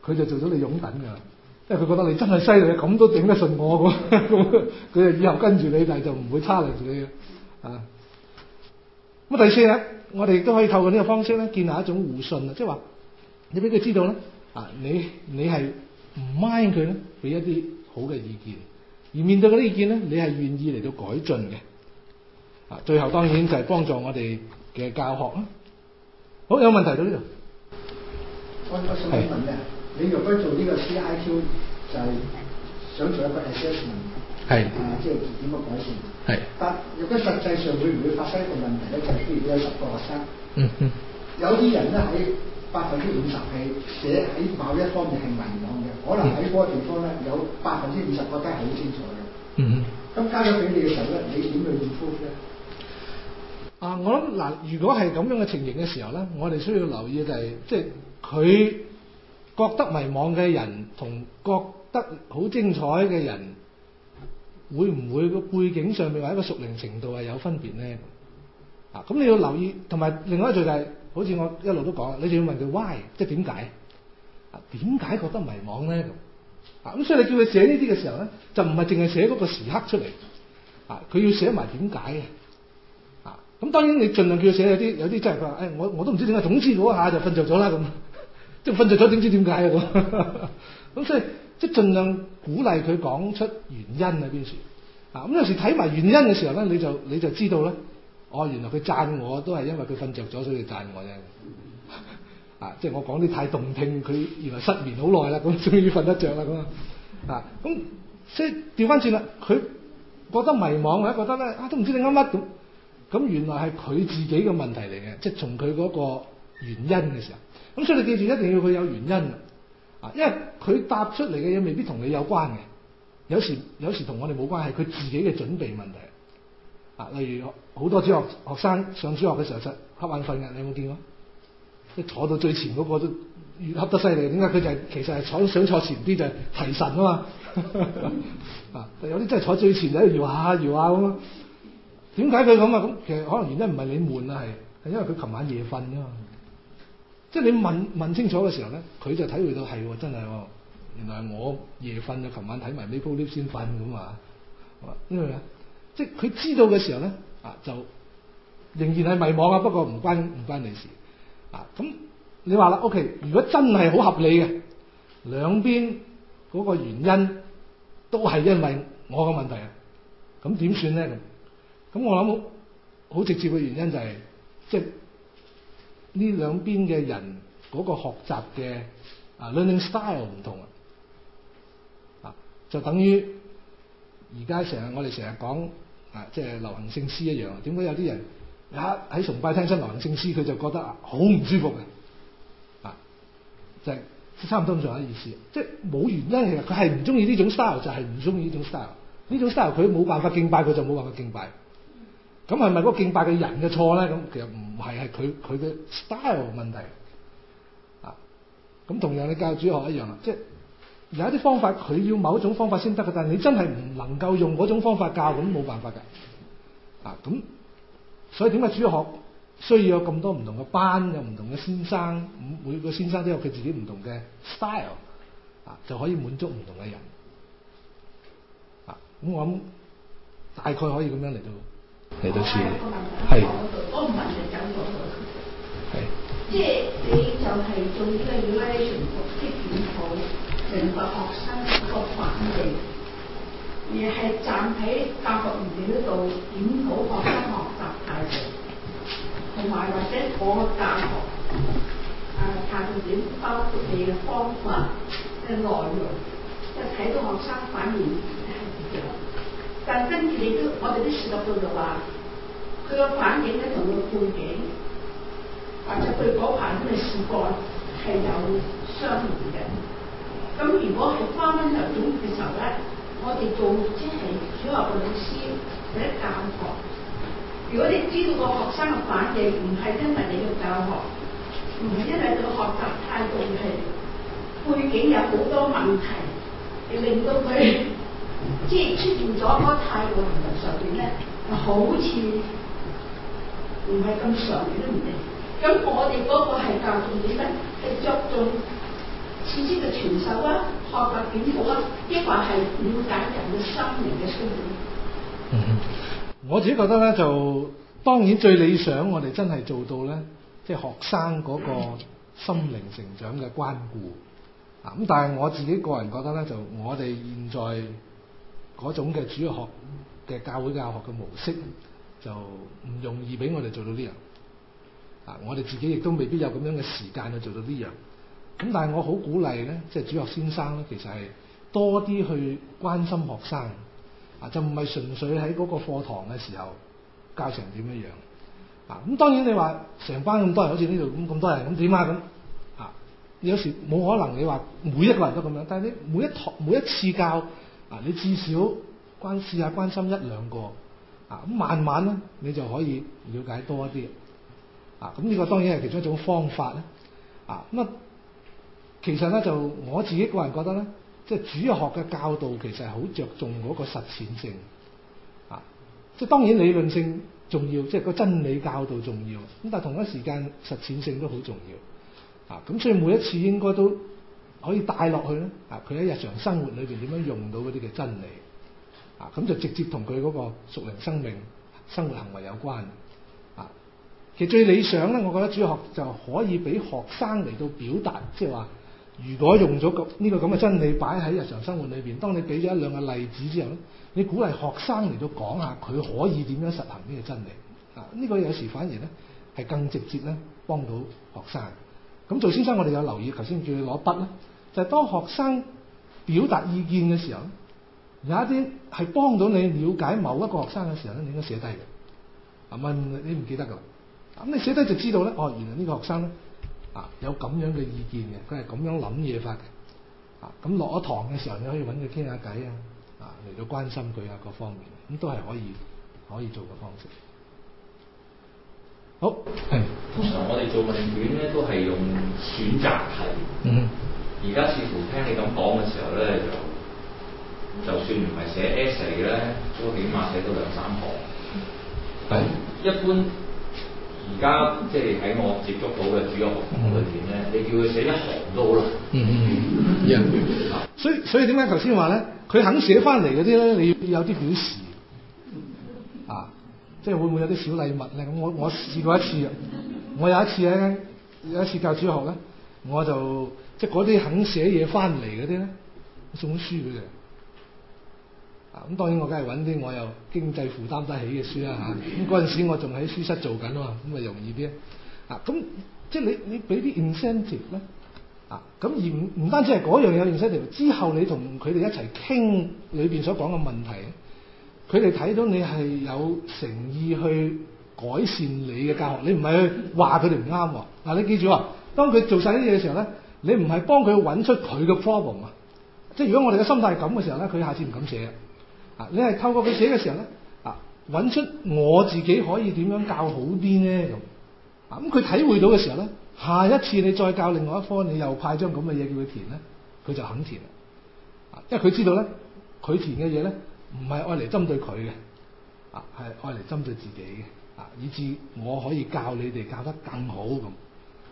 佢就做咗你擁躉㗎啦，即係佢覺得你真係犀利，咁都頂得順我喎，咁佢就以後跟住你，但係就唔會差離自己嘅啊。咁第四咧，我哋亦都可以透過呢個方式咧，建立一種互信啊，即係話你俾佢知道咧啊，你你係唔 mind 佢咧，俾一啲好嘅意見，而面對嗰啲意見咧，你係願意嚟到改進嘅啊。最後當然就係幫助我哋嘅教學啦。好，有問題到呢度。我你若果做呢個 C I Q 就係想做一個 assessment，係，啊即係點個改善，係。但若果實際上會唔會發生一個問題咧？就係、是、譬如有十個學生，嗯嗯，有啲人咧喺百分之五十係寫喺某一方面係文盲嘅，可能喺嗰個地方咧有百分之五十個都係好清楚嘅，嗯嗯。咁交咗俾你嘅時候咧，你點去 approve 咧？啊，我諗嗱，如果係咁樣嘅情形嘅時候咧，我哋需要留意就係、是、即係佢。覺得迷惘嘅人同覺得好精彩嘅人，會唔會個背景上面或者一個熟練程度係有分別咧？啊，咁你要留意，同埋另外一句就係、是，好似我一路都講你就要問佢 why，即係點解？啊，點解覺得迷惘咧？咁啊，咁所以你叫佢寫呢啲嘅時候咧，就唔係淨係寫嗰個時刻出嚟，啊，佢要寫埋點解嘅。啊，咁當然你儘量叫佢寫有啲有啲真係佢話，誒、哎、我我都唔知點解總之嗰下就瞓着咗啦咁。即係瞓着咗，點知點解啊？咁所以即係儘量鼓勵佢講出原因啊！邊時啊？咁有時睇埋原因嘅時候咧，你就你就知道咧。哦，原來佢讚我都係因為佢瞓着咗，所以讚我啫。啊，即係我講啲太動聽，佢原來失眠好耐啦，咁終於瞓得着啦咁啊。咁即係調翻轉啦，佢覺得迷茫或者覺得咧啊，都唔知你啱乜咁。咁原來係佢自己嘅問題嚟嘅，即係從佢嗰個原因嘅時候。咁所以你記住一定要佢有原因啊，因為佢答出嚟嘅嘢未必同你有關嘅，有時有時同我哋冇關係，佢自己嘅準備問題啊，例如好多小學學生上小學嘅時候實瞌眼瞓嘅，你有冇見過？即坐到最前嗰個都越瞌得犀利，點解？佢就係其實係坐想坐前啲就係提神啊嘛， 啊有啲真係坐最前就搖下搖下咁啊，點解佢咁啊？咁其實可能原因唔係你悶啊，係係因為佢琴晚夜瞓啫嘛。即係你問問清楚嘅時候咧，佢就體會到係喎，真係喎，哦，原來我夜瞓啊，琴晚睇埋呢鋪 note 先瞓咁啊，係嘛？因為呢，即係佢知道嘅時候咧，啊就仍然係迷惘啊，不過唔關唔關你事啊。咁、嗯、你話啦，OK，如果真係好合理嘅，兩邊嗰個原因都係因為我嘅問題啊，咁點算咧咁？咁我諗好直接嘅原因就係、是、即係。呢兩邊嘅人嗰個學習嘅啊 learning style 唔同啊，就等於而家成日我哋成日講啊，即係流行聖詩一樣。點解有啲人一喺崇拜聽親流行聖詩，佢就覺得好唔舒服嘅啊？即係差唔多咁上下意思，即係冇原因。其實佢係唔中意呢種 style，就係唔中意呢種 style。呢種 style 佢冇辦法敬拜，佢就冇辦法敬拜。咁係咪嗰個敬拜嘅人嘅錯咧？咁其實唔係，係佢佢嘅 style 問題啊！咁同樣你教主學一樣啦，即係有一啲方法，佢要某一種方法先得嘅，但係你真係唔能夠用嗰種方法教，咁冇辦法㗎啊！咁所以點解主學需要有咁多唔同嘅班，有唔同嘅先生，每個先生都有佢自己唔同嘅 style 啊，就可以滿足唔同嘅人啊！咁我諗大概可以咁樣嚟到。你都知係、啊，那個，即係你就係做呢個 evaluation，即檢討，明白學生個反應，而係站喺教學現場嗰度檢討學生學習態度，同埋或者講個教學啊，教學點包括你嘅方法嘅內容，要睇到學生反應係點。但跟住你都，我哋都試過到就話，佢嘅反應咧同個背景，或者佢嗰排嘅事幹係有相關嘅。咁如果係翻返頭點嘅時候咧，我哋做即係小學嘅老師或者教學。如果你知道個學生嘅反應唔係因為你要教學，唔係因為佢學習態度係背景有好多問題，你令到佢。 即係出現咗嗰態度唔同上邊咧，好似唔係咁常，邊都唔定。咁我哋嗰個係教重點咧？係着重知識嘅傳授啦、啊，學法典故啦，抑或係了解人嘅心靈嘅需要？嗯 ，我自己覺得咧，就當然最理想，我哋真係做到咧，即、就、係、是、學生嗰個心靈成長嘅關顧啊。咁但係我自己個人覺得咧，就我哋現在。嗰種嘅主日學嘅教會教學嘅模式就唔容易俾我哋做到呢樣啊！我哋自己亦都未必有咁樣嘅時間去做到呢樣。咁但係我好鼓勵咧，即係主學先生咧，其實係多啲去關心學生啊，就唔係純粹喺嗰個課堂嘅時候教成點樣樣啊！咁當然你話成班咁多人，好似呢度咁咁多人，咁點啊？咁啊，有時冇可能你話每一個人都咁樣，但係你每一堂每一次教。嗱，你至少關試下關心一兩個，啊咁慢慢咧，你就可以了解多一啲，啊咁呢個當然係其中一種方法咧，啊咁啊，其實咧就我自己個人覺得咧，即係主學嘅教導其實係好着重嗰個實踐性，啊即係當然理論性重要，即係個真理教導重要，咁但係同一時間實踐性都好重要，啊咁所以每一次應該都。可以帶落去咧，啊，佢喺日常生活裏邊點樣用到嗰啲嘅真理，啊，咁就直接同佢嗰個屬靈生命生活行為有關，啊，其實最理想咧，我覺得主要學就可以俾學生嚟到表達，即係話，如果用咗個呢個咁嘅真理擺喺日常生活裏邊，當你俾咗一兩個例子之後咧，你鼓勵學生嚟到講下佢可以點樣實行呢個真理，啊，呢個有時反而咧係更直接咧幫到學生。咁做先生，我哋有留意，頭先叫你攞筆咧，就係當學生表達意見嘅時候，有一啲係幫到你了解某一個學生嘅時候咧，你應該寫低嘅。阿問你唔記得噶啦，咁你寫低就知道咧。哦，原來呢個學生咧，啊，有咁樣嘅意見嘅，佢係咁樣諗嘢法嘅。啊，咁落咗堂嘅時候，你可以揾佢傾下偈啊，啊，嚟到關心佢啊各方面，咁都係可以可以做嘅方式。好，係通常我哋做問卷咧，都係用選擇題。嗯，而家似乎聽你咁講嘅時候咧，就就算唔係寫 essay 咧，都起碼寫到兩三行。係一般而家即係喺我接觸到嘅主要行業裏面咧，你叫佢寫一行都好啦。嗯嗯，嗯 所，所以所以點解頭先話咧？佢肯寫翻嚟嗰啲咧，你要有啲表示。即係會唔會有啲小禮物咧？咁我我試過一次，我有一次咧，有一次教主日學咧，我就即係嗰啲肯寫嘢翻嚟嗰啲咧，送本書佢哋。啊，咁當然我梗係揾啲我又經濟負擔得起嘅書啦嚇。咁嗰陣時我仲喺書室做緊啊嘛，咁咪容易啲啊。咁即係你你俾啲 incentive 咧，啊，咁、啊啊、而唔唔單止係嗰樣嘢有 incentive，之後你同佢哋一齊傾裏面所講嘅問題。佢哋睇到你係有誠意去改善你嘅教學，你唔係去話佢哋唔啱喎。嗱，你記住，啊，當佢做晒啲嘢嘅時候咧，你唔係幫佢揾出佢嘅 problem 啊！即係如果我哋嘅心態係咁嘅時候咧，佢下次唔敢寫啊！你係透過佢寫嘅時候咧，啊揾出我自己可以點樣教好啲呢？咁啊！咁佢體會到嘅時候咧，下一次你再教另外一科，你又派張咁嘅嘢叫佢填咧，佢就肯填啊！因為佢知道咧，佢填嘅嘢咧，唔係愛嚟針對佢嘅，啊，係愛嚟針對自己嘅，啊，以至我可以教你哋教得更好咁。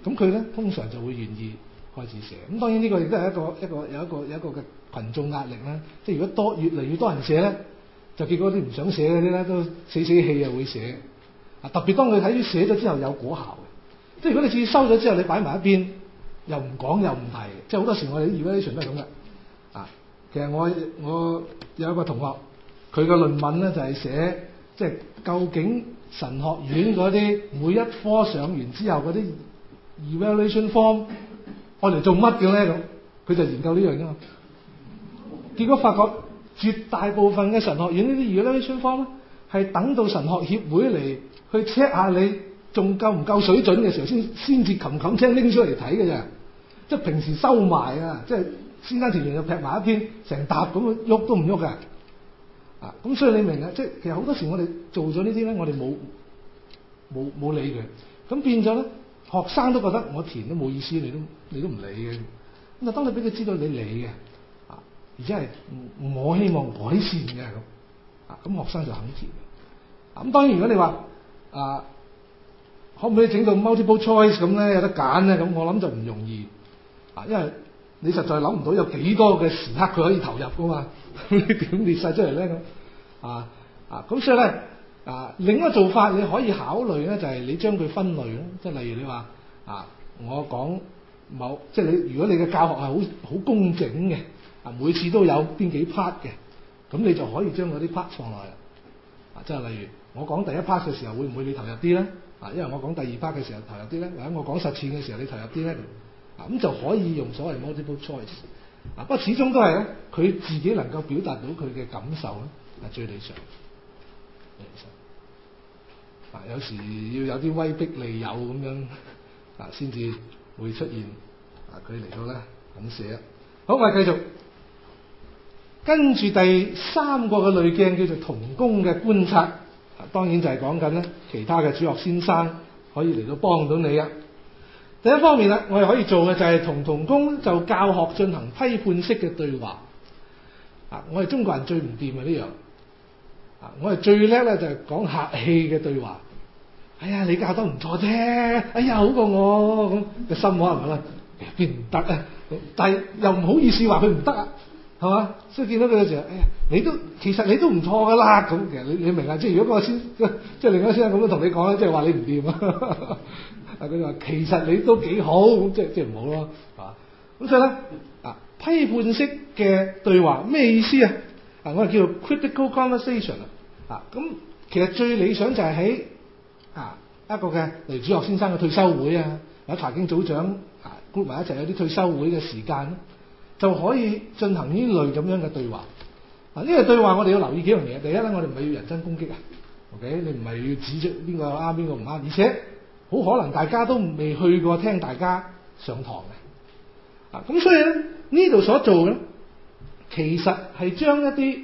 咁佢咧通常就會願意開始寫。咁當然呢個亦都係一個一個有一個有一個嘅群眾壓力啦。即係如果多越嚟越多人寫咧，就結果啲唔想寫嗰啲咧都死死氣又會寫。啊，特別當佢睇到寫咗之後有果效嘅，即係如果你至收咗之後你擺埋一邊，又唔講又唔提，即係好多時我哋啲 evaluation 都係咁嘅。其實我我有一個同學，佢嘅論文咧就係寫，即係究竟神學院嗰啲每一科上完之後嗰啲 evaluation form 用嚟做乜嘅咧咁，佢就研究呢樣啊嘛。結果發覺絕大部分嘅神學院呢啲 evaluation form 係等到神學協會嚟去 check 下你仲夠唔夠水準嘅時候先先至冚冚聲拎出嚟睇嘅啫，即係平時收埋啊，即係。先生填完就劈埋一篇，成沓咁去喐都唔喐㗎。啊咁所以你明啊，即係其實好多時我哋做咗呢啲咧，我哋冇冇冇理佢，咁變咗咧學生都覺得我填都冇意思，你都你都唔理嘅，咁但當你俾佢知道你理嘅，啊而且係我希望改善嘅，咁啊咁學生就肯填。咁，啊，當然如果你話啊可唔可以整到 multiple choice 咁咧，有得揀咧，咁我諗就唔容易，啊因為你實在諗唔到有幾多嘅時刻佢可以投入噶嘛，你點列晒出嚟咧？咁啊啊！咁、啊啊啊啊、所以咧啊，另一個做法你可以考慮咧，就係、是、你將佢分類咯。即係例如你話啊，我講某即係、就是、你，如果你嘅教學係好好公正嘅啊，每次都有邊幾 part 嘅，咁你就可以將嗰啲 part 放落嚟啊。即、就、係、是、例如我講第一 part 嘅時候，會唔會你投入啲咧？啊，因為我講第二 part 嘅時候投入啲咧，或者我講實踐嘅時候你投入啲咧。咁就可以用所謂 multiple choice，啊不過始終都係咧，佢自己能夠表達到佢嘅感受咧，係最理想。啊，有時要有啲威逼利誘咁樣，啊先至會出現啊佢嚟到咧咁寫。好，我哋繼續跟住第三個嘅濾鏡叫做同工嘅觀察，啊當然就係講緊咧其他嘅主學先生可以嚟到幫到你啊。第一方面啦，我哋可以做嘅就係同同工就教學進行批判式嘅對話。啊，我哋中國人最唔掂嘅呢樣。啊，我係最叻咧就係講客氣嘅對話。哎呀，你教得唔錯啫。哎呀，好過我咁嘅心話係咪啦？邊唔得咧？但係又唔好意思話佢唔得啊，係嘛？所以見到佢嘅時候，哎呀，你都其實你都唔錯噶啦。咁其實你你明啊？即係如果嗰個先即係另一先生咁樣同你講咧，即係話你唔掂啊。啊！佢就話其實你都幾好，咁即係即係唔好咯，係嘛？咁所以咧，啊，批判式嘅對話咩意思啊？啊，我哋叫做 critical conversation 啊！啊，咁其實最理想就係喺啊一個嘅黎主學先生嘅退休會啊，或者財經組長啊 group 埋一齊有啲退休會嘅時間，就可以進行呢類咁樣嘅對話。啊，呢個對話我哋要留意幾樣嘢。第一咧，我哋唔係要人身攻擊啊。OK，你唔係要指出邊個啱邊個唔啱，而且。好可能大家都未去過聽大家上堂嘅。啊咁所以咧，呢度所做嘅，其實係將一啲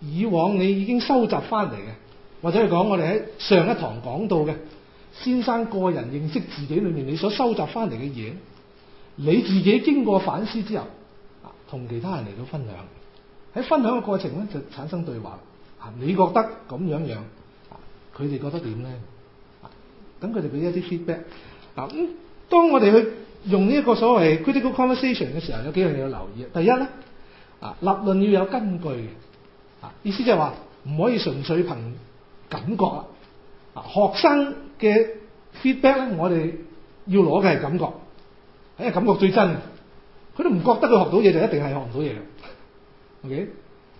以往你已經收集翻嚟嘅，或者係講我哋喺上一堂講到嘅，先生個人認識自己裏面你所收集翻嚟嘅嘢，你自己經過反思之後，同其他人嚟到分享，喺分享嘅過程咧就產生對話。啊你覺得咁樣樣，佢哋覺得點咧？等佢哋俾一啲 feedback。啊，咁，當我哋去用呢一個所謂 critical conversation 嘅時候，有幾樣嘢要留意。第一咧，啊立論要有根據嘅。啊，意思就係話唔可以純粹憑感覺啊，學生嘅 feedback 咧，我哋要攞嘅係感覺，係、哎、啊感覺最真。佢都唔覺得佢學到嘢，就一定係學唔到嘢。OK，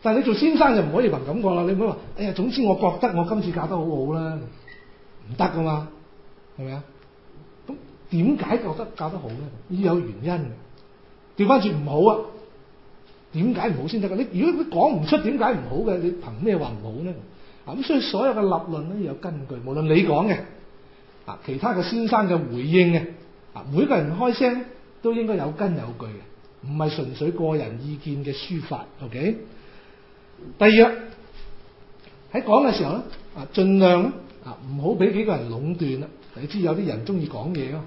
但係你做先生就唔可以憑感覺啦。你唔可以話：哎呀，總之我覺得我今次教得好好啦，唔得噶嘛。係咪啊？咁點解覺得教得好咧？要有原因嘅。調翻轉唔好啊？點解唔好先得噶？你如果講唔出點解唔好嘅，你憑咩話唔好咧？咁所以所有嘅立論咧，要有根據，無論你講嘅，啊其他嘅先生嘅回應嘅，啊每個人開聲都應該有根有據嘅，唔係純粹個人意見嘅抒發 O K。Okay? 第二，喺講嘅時候咧，啊盡量啊唔好俾幾個人壟斷啦。你知有啲人中意講嘢咯，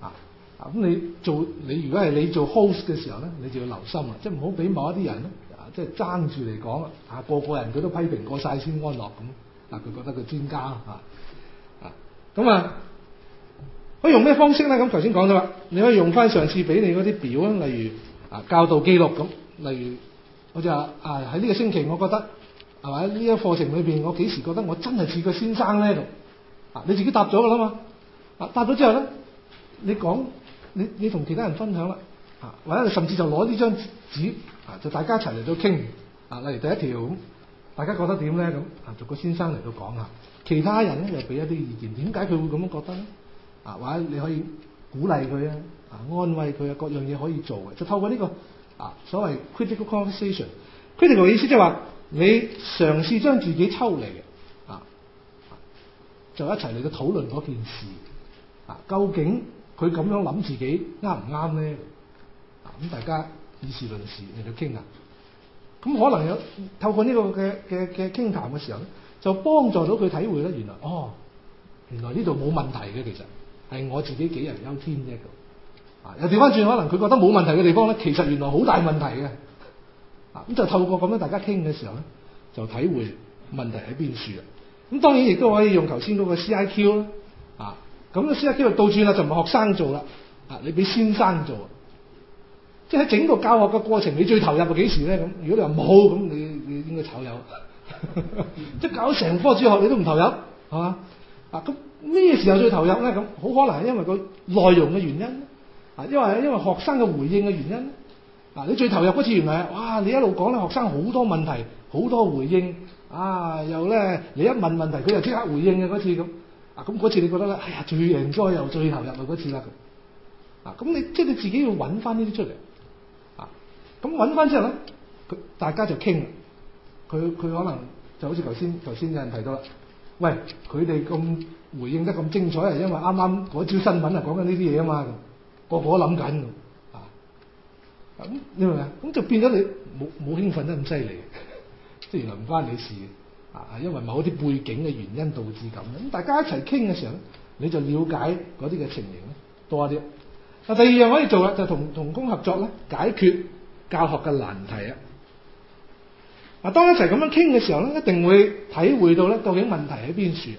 啊咁、啊、你做你如果係你做 host 嘅時候咧，你就要留心啊，即係唔好俾某一啲人啊，即係爭住嚟講啊，個個人佢都批評過晒先安樂咁，嗱佢覺得佢專家嚇啊咁啊，啊、可以用咩方式咧？咁頭先講咗啦，你可以用翻上次俾你嗰啲表啊，例如啊教導記錄咁、啊，例如我就啊喺呢個星期，我覺得係咪呢一課程裏邊，我幾時覺得我真係似個先生咧？啊！你自己答咗噶啦嘛，啊答咗之後咧，你講你你同其他人分享啦，啊或者你甚至就攞呢張紙啊，就大家一齊嚟到傾啊，例如第一條，大家覺得點咧咁啊？逐個先生嚟到講下，其他人咧就俾一啲意見，點解佢會咁樣覺得咧？啊或者你可以鼓勵佢啊，啊安慰佢啊，各樣嘢可以做嘅，就透過呢個啊所謂 critical conversation，critical 意思即係話你嘗試將自己抽離。就一齊嚟到討論嗰件事，啊，究竟佢咁樣諗自己啱唔啱咧？啊，咁大家以事論事嚟到傾啊。咁可能有透過呢個嘅嘅嘅傾談嘅時候咧，就幫助到佢體會咧，原來，哦，原來呢度冇問題嘅，其實係我自己杞人憂天啫。啊，又調翻轉，可能佢覺得冇問題嘅地方咧，其實原來好大問題嘅。啊，咁就透過咁樣大家傾嘅時候咧，就體會問題喺邊處啊。咁當然亦都可以用頭先嗰個 C I Q 啦，啊，咁嘅 C I Q 倒轉啦，就唔係學生做啦，啊，你俾先生做，即係整個教學嘅過程，你最投入係幾時咧？咁如果你話冇，咁你你應該炒魷，即係搞成科主日學你都唔投入，係嘛？啊，咁咩時候最投入咧？咁好可能係因為個內容嘅原因，啊，因為因為學生嘅回應嘅原因，啊，你最投入嗰次原來係哇，你一路講咧，學生好多問題，好多回應。啊，又咧，你一問問題，佢又即刻回應嘅嗰次咁，啊，咁嗰次你覺得咧，哎呀，最贏咗又最投入去嗰次啦，咁，啊，咁你即係你自己要揾翻呢啲出嚟，啊，咁揾翻之後咧，佢大家就傾，佢佢可能就好似頭先頭先有人提到啦，喂，佢哋咁回應得咁精彩，因為啱啱嗰招新聞啊講緊呢啲嘢啊嘛，個個都諗緊，啊，咁你明唔明？咁就變咗你冇冇興奮得咁犀利。即然唔關你事啊！因為某啲背景嘅原因導致咁，咁大家一齊傾嘅時候，你就了解嗰啲嘅情形咧多一啲。嗱，第二樣可以做嘅就同同工合作咧，解決教學嘅難題啊！嗱，當一齊咁樣傾嘅時候咧，一定會體會到咧究竟問題喺邊處。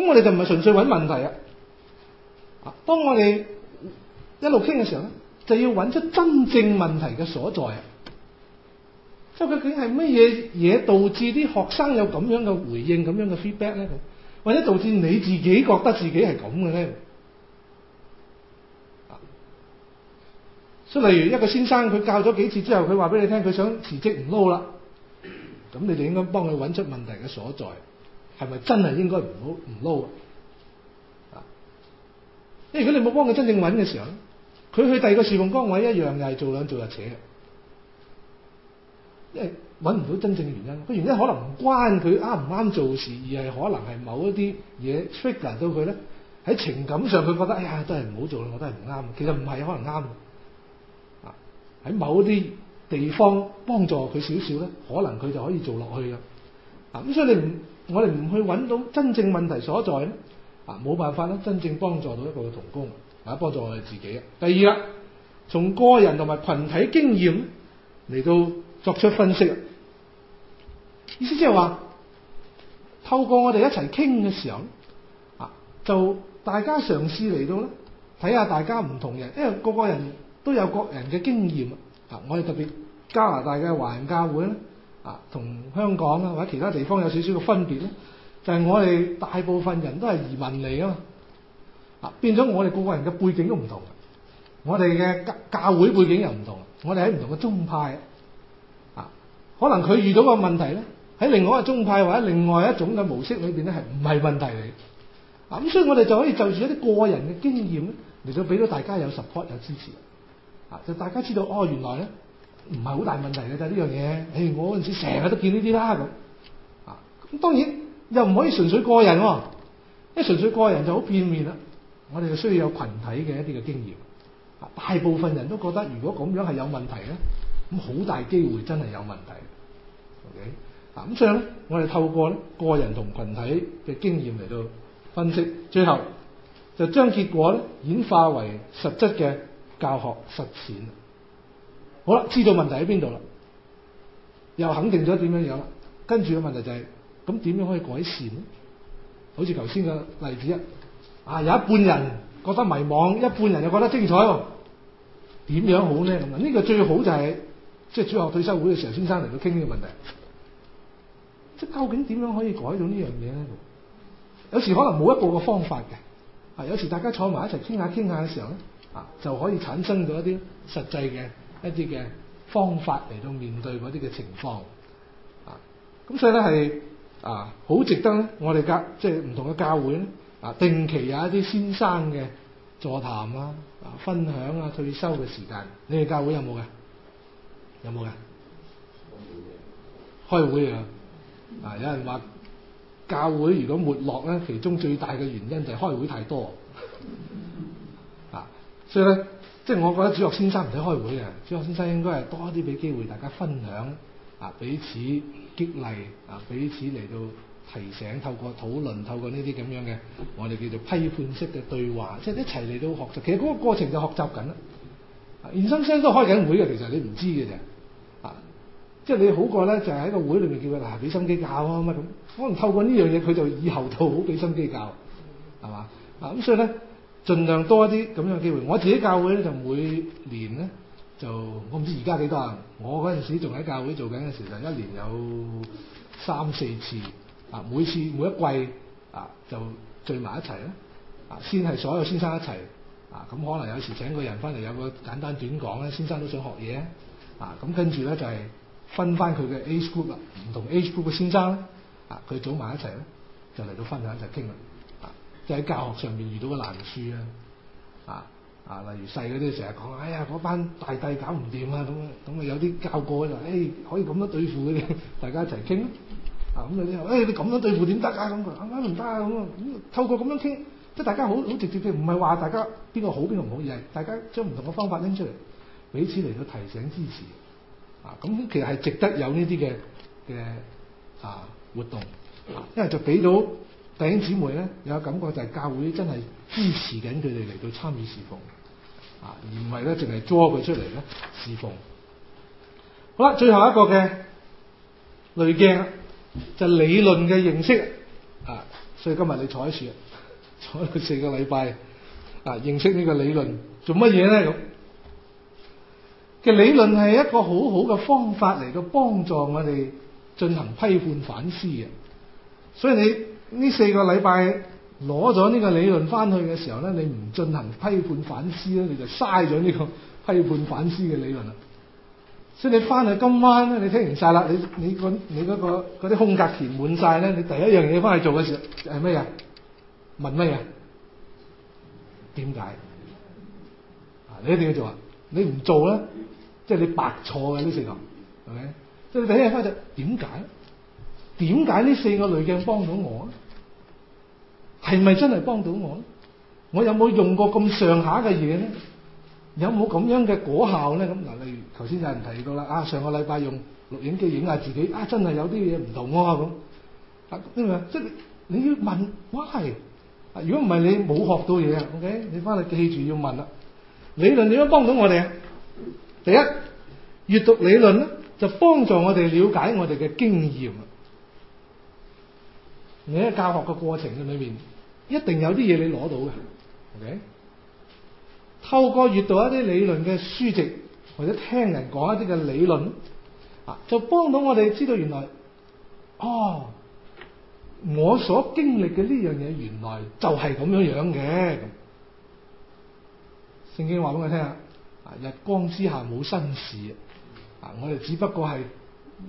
咁我哋就唔係純粹揾問題啊！當我哋一路傾嘅時候咧，就要揾出真正問題嘅所在。即係究竟係乜嘢嘢導致啲學生有咁樣嘅回應，咁樣嘅 feedback 咧？或者導致你自己覺得自己係咁嘅咧？所以例如一個先生佢教咗幾次之後，佢話俾你聽，佢想辭職唔撈啦。咁你哋應該幫佢揾出問題嘅所在，係咪真係應該唔好唔撈？即係如果你冇幫佢真正揾嘅時候咧，佢去第二個事奉崗位一樣又係做兩做又扯嘅。即係揾唔到真正原因，個原因可能唔關佢啱唔啱做事，而係可能係某一啲嘢 trigger 到佢咧。喺情感上佢覺得哎呀，真係唔好做啦，我都係唔啱。其實唔係可能啱嘅，喺某一啲地方幫助佢少少咧，可能佢就可以做落去嘅。啊，咁所以你唔我哋唔去揾到真正問題所在咧，啊，冇辦法啦，真正幫助到一個同工啊，幫助我哋自己。第二啦，從個人同埋群體經驗嚟到。作出分析意思即係話透過我哋一齊傾嘅時候，啊，就大家嘗試嚟到咧，睇下大家唔同人，因為個個人都有各人嘅經驗啊。我哋特別加拿大嘅華人教會咧，啊，同香港啊或者其他地方有少少嘅分別咧，就係、是、我哋大部分人都係移民嚟㗎嘛啊，啊，變咗我哋個個人嘅背景都唔同，我哋嘅教教會背景又唔同，我哋喺唔同嘅宗派。可能佢遇到個問題咧，喺另外一個宗派或者另外一種嘅模式裏邊咧，係唔係問題嚟？啊咁，所以我哋就可以就住一啲個人嘅經驗咧，嚟到俾到大家有 support 有支持。啊，就大家知道哦，原來咧唔係好大問題嘅，就係呢樣嘢，誒、哎、我嗰陣時成日都見呢啲啦咁。啊，咁當然又唔可以純粹個人喎，一純粹個人就好片面啦。我哋就需要有群體嘅一啲嘅經驗。啊，大部分人都覺得如果咁樣係有問題咧，咁好大機會真係有問題。咁所以咧，我哋透過個人同群體嘅經驗嚟到分析，最後就將結果咧演化為實質嘅教學實踐。好啦，知道問題喺邊度啦，又肯定咗點樣樣啦，跟住個問題就係咁點樣可以改善咧？好似頭先個例子一啊，有一半人覺得迷惘，一半人又覺得精彩，點樣好咧？咁啊，呢個最好就係即係主學退休會嘅時候，先生嚟到傾呢個問題。即究竟點樣可以改到呢樣嘢咧？有時可能冇一步嘅方法嘅啊！有時大家坐埋一齊傾下傾下嘅時候咧啊，就可以產生到一啲實際嘅一啲嘅方法嚟到面對嗰啲嘅情況啊！咁所以咧係啊，好值得咧，我哋教即係唔同嘅教會咧啊，定期有一啲先生嘅座談啊、分享啊、退修嘅時間，你哋教會有冇嘅？有冇嘅？開會啊！啊！有人話教會如果沒落咧，其中最大嘅原因就係開會太多啊！所以咧，即係我覺得主學先生唔使開會嘅，主學先生應該係多啲俾機會大家分享啊，彼此激勵啊，彼此嚟到提醒，透過討論，透過呢啲咁樣嘅，我哋叫做批判式嘅對話，即係一齊嚟到學習。其實嗰個過程就學習緊啦。研究生都開緊會嘅，其實你唔知嘅啫。即係你好過咧，就係喺個會裏面叫佢嗱俾心機教啊乜咁，可能透過呢樣嘢佢就以後就好俾心機教，係嘛？啊，咁所以咧，儘量多一啲咁樣嘅機會。我自己教會咧就每年咧就我唔知而家幾多啊？我嗰陣時仲喺教會做緊嘅時候，一年有三四次啊，每次每一季啊就聚埋一齊啦啊，先係所有先生一齊啊，咁可能有時請個人翻嚟有個簡單短講咧，先生都想學嘢啊，咁跟住咧就係。分翻佢嘅 age group 啦，唔同 age group 嘅先生咧，啊，佢組埋一齊咧，就嚟到分享一齊傾啦，啊，即係喺教學上面遇到嘅難處啊，啊啊，例如細嗰啲成日講，哎呀，嗰班大弟搞唔掂啊，咁樣，咁啊有啲教過就，誒、哎，可以咁樣對付嗰啲，大家一齊傾啊，咁有啲又，你咁樣對付點得啊？咁佢，啱唔啱？唔得啊，咁啊，咁透過咁樣傾，即係大家好好直接嘅，唔係話大家邊個好邊個唔好，而係大家將唔同嘅方法拎出嚟，彼此嚟到提醒支持。啊，咁其實係值得有呢啲嘅嘅啊活動，因為就俾到弟兄姊妹咧有感覺就係教會真係支持緊佢哋嚟到參與侍奉，啊，而唔係咧淨係捉佢出嚟咧侍奉。好啦，最後一個嘅濾鏡就係理論嘅認識啊，所以今日你坐喺樹，坐四個禮拜啊，認識你論呢個理論做乜嘢咧咁？嘅理論係一個好好嘅方法嚟到幫助我哋進行批判反思嘅，所以你呢四個禮拜攞咗呢個理論翻去嘅時候咧，你唔進行批判反思咧，你就嘥咗呢個批判反思嘅理論啦。所以你翻去今晚咧，你聽完曬啦，你你個你嗰個嗰啲空格填滿曬咧，你第一樣嘢翻去做嘅時候係咩啊？問乜嘢？點解？啊，你一定要做啊！你唔做咧，即係你白錯嘅呢四個，係、okay? 咪？即係你第日翻就點解？點解呢四個濾鏡幫到我啊？係咪真係幫到我咧？我有冇用過咁上下嘅嘢咧？有冇咁樣嘅果效咧？咁啊，例如頭先有人提到啦，啊上個禮拜用錄影機影下自己，啊真係有啲嘢唔同我咁。啊，因為即係你要問 why？啊，如果唔係你冇學到嘢啊，OK？你翻嚟記住要問啦。理論點樣幫到我哋啊？第一，閱讀理論咧，就幫助我哋了解我哋嘅經驗。你喺教學嘅過程裏面，一定有啲嘢你攞到嘅。OK，透過閱讀一啲理論嘅書籍，或者聽人講一啲嘅理論，啊，就幫到我哋知道原來，哦，我所經歷嘅呢樣嘢，原來就係咁樣樣嘅。聖經話俾我聽啊，日光之下冇新事啊！我哋只不過係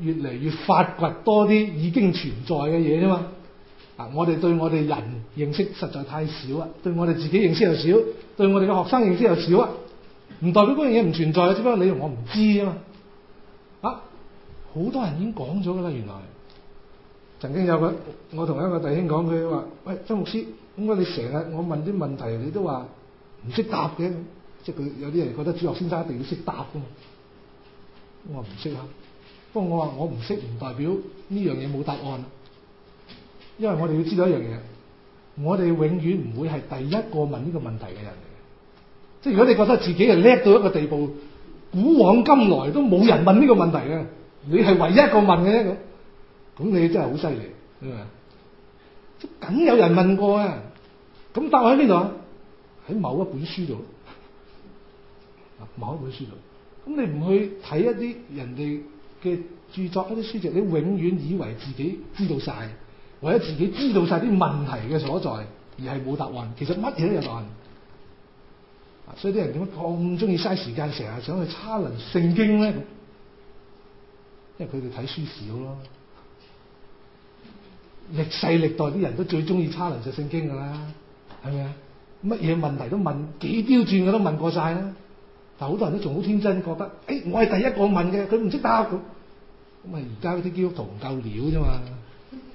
越嚟越發掘多啲已經存在嘅嘢啫嘛！啊！我哋對我哋人認識實在太少啊！對我哋自己認識又少，對我哋嘅學生認識又少啊！唔代表嗰樣嘢唔存在啊！只不過你同我唔知啊嘛！啊！好多人已經講咗噶啦！原來曾經有個，我同一個弟兄講，佢話：，喂，鄒牧師，點解你成日我問啲問題，你都話唔識答嘅？即係佢有啲人覺得主學先生一定要識答噶嘛，我唔識啊。不過我話我唔識唔代表呢樣嘢冇答案啊。因為我哋要知道一樣嘢，我哋永遠唔會係第一個問呢個問題嘅人嚟嘅。即係如果你覺得自己係叻到一個地步，古往今來都冇人問呢個問題嘅，你係唯一一個問嘅咁，咁你真係好犀利啊！咁有人問過啊，咁答案喺邊度啊？喺某一本書度。某一本書度，咁你唔去睇一啲人哋嘅著作、一啲書籍，你永遠以為自己知道曬，或者自己知道曬啲問題嘅所在，而係冇答案。其實乜嘢都有答案，所以啲人點解咁中意嘥時間，成日想去差論聖經咧？因為佢哋睇書少咯。歷世歷代啲人都最中意差論就聖經㗎啦，係咪啊？乜嘢問題都問，幾刁鑽嘅都問過曬啦。好多人都仲好天真，覺得，誒、欸，我係第一個問嘅，佢唔識答咁，咁啊而家嗰啲基督徒唔夠料啫嘛，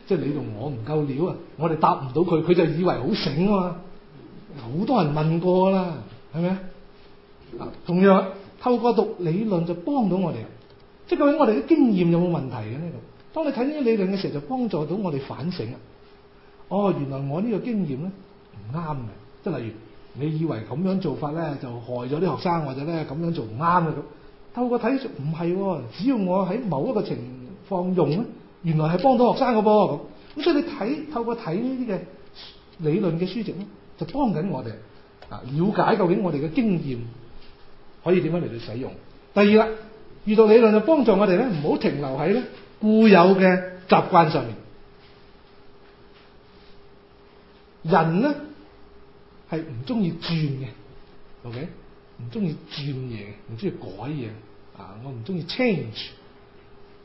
即係你同我唔夠料啊，我哋答唔到佢，佢就以為好醒啊嘛，好多人問過啦，係咪啊？同樣透過讀理論就幫到我哋，即究竟我哋啲經驗有冇問題嘅咧？當你睇呢啲理論嘅時候，就幫助到我哋反省啊，哦，原來我呢個經驗咧唔啱嘅，即係例如。你以為咁樣做法咧就害咗啲學生或者咧咁樣做唔啱嘅咁？透過睇唔係喎，只要我喺某一個情況用咧，原來係幫到學生嘅噃咁。咁所以你睇透過睇呢啲嘅理論嘅書籍咧，就幫緊我哋啊，了解究竟我哋嘅經驗可以點樣嚟到使用。第二啦，遇到理論就幫助我哋咧，唔好停留喺咧固有嘅習慣上面。人咧。係唔中意轉嘅，OK？唔中意轉嘢，唔中意改嘢啊！我唔中意 change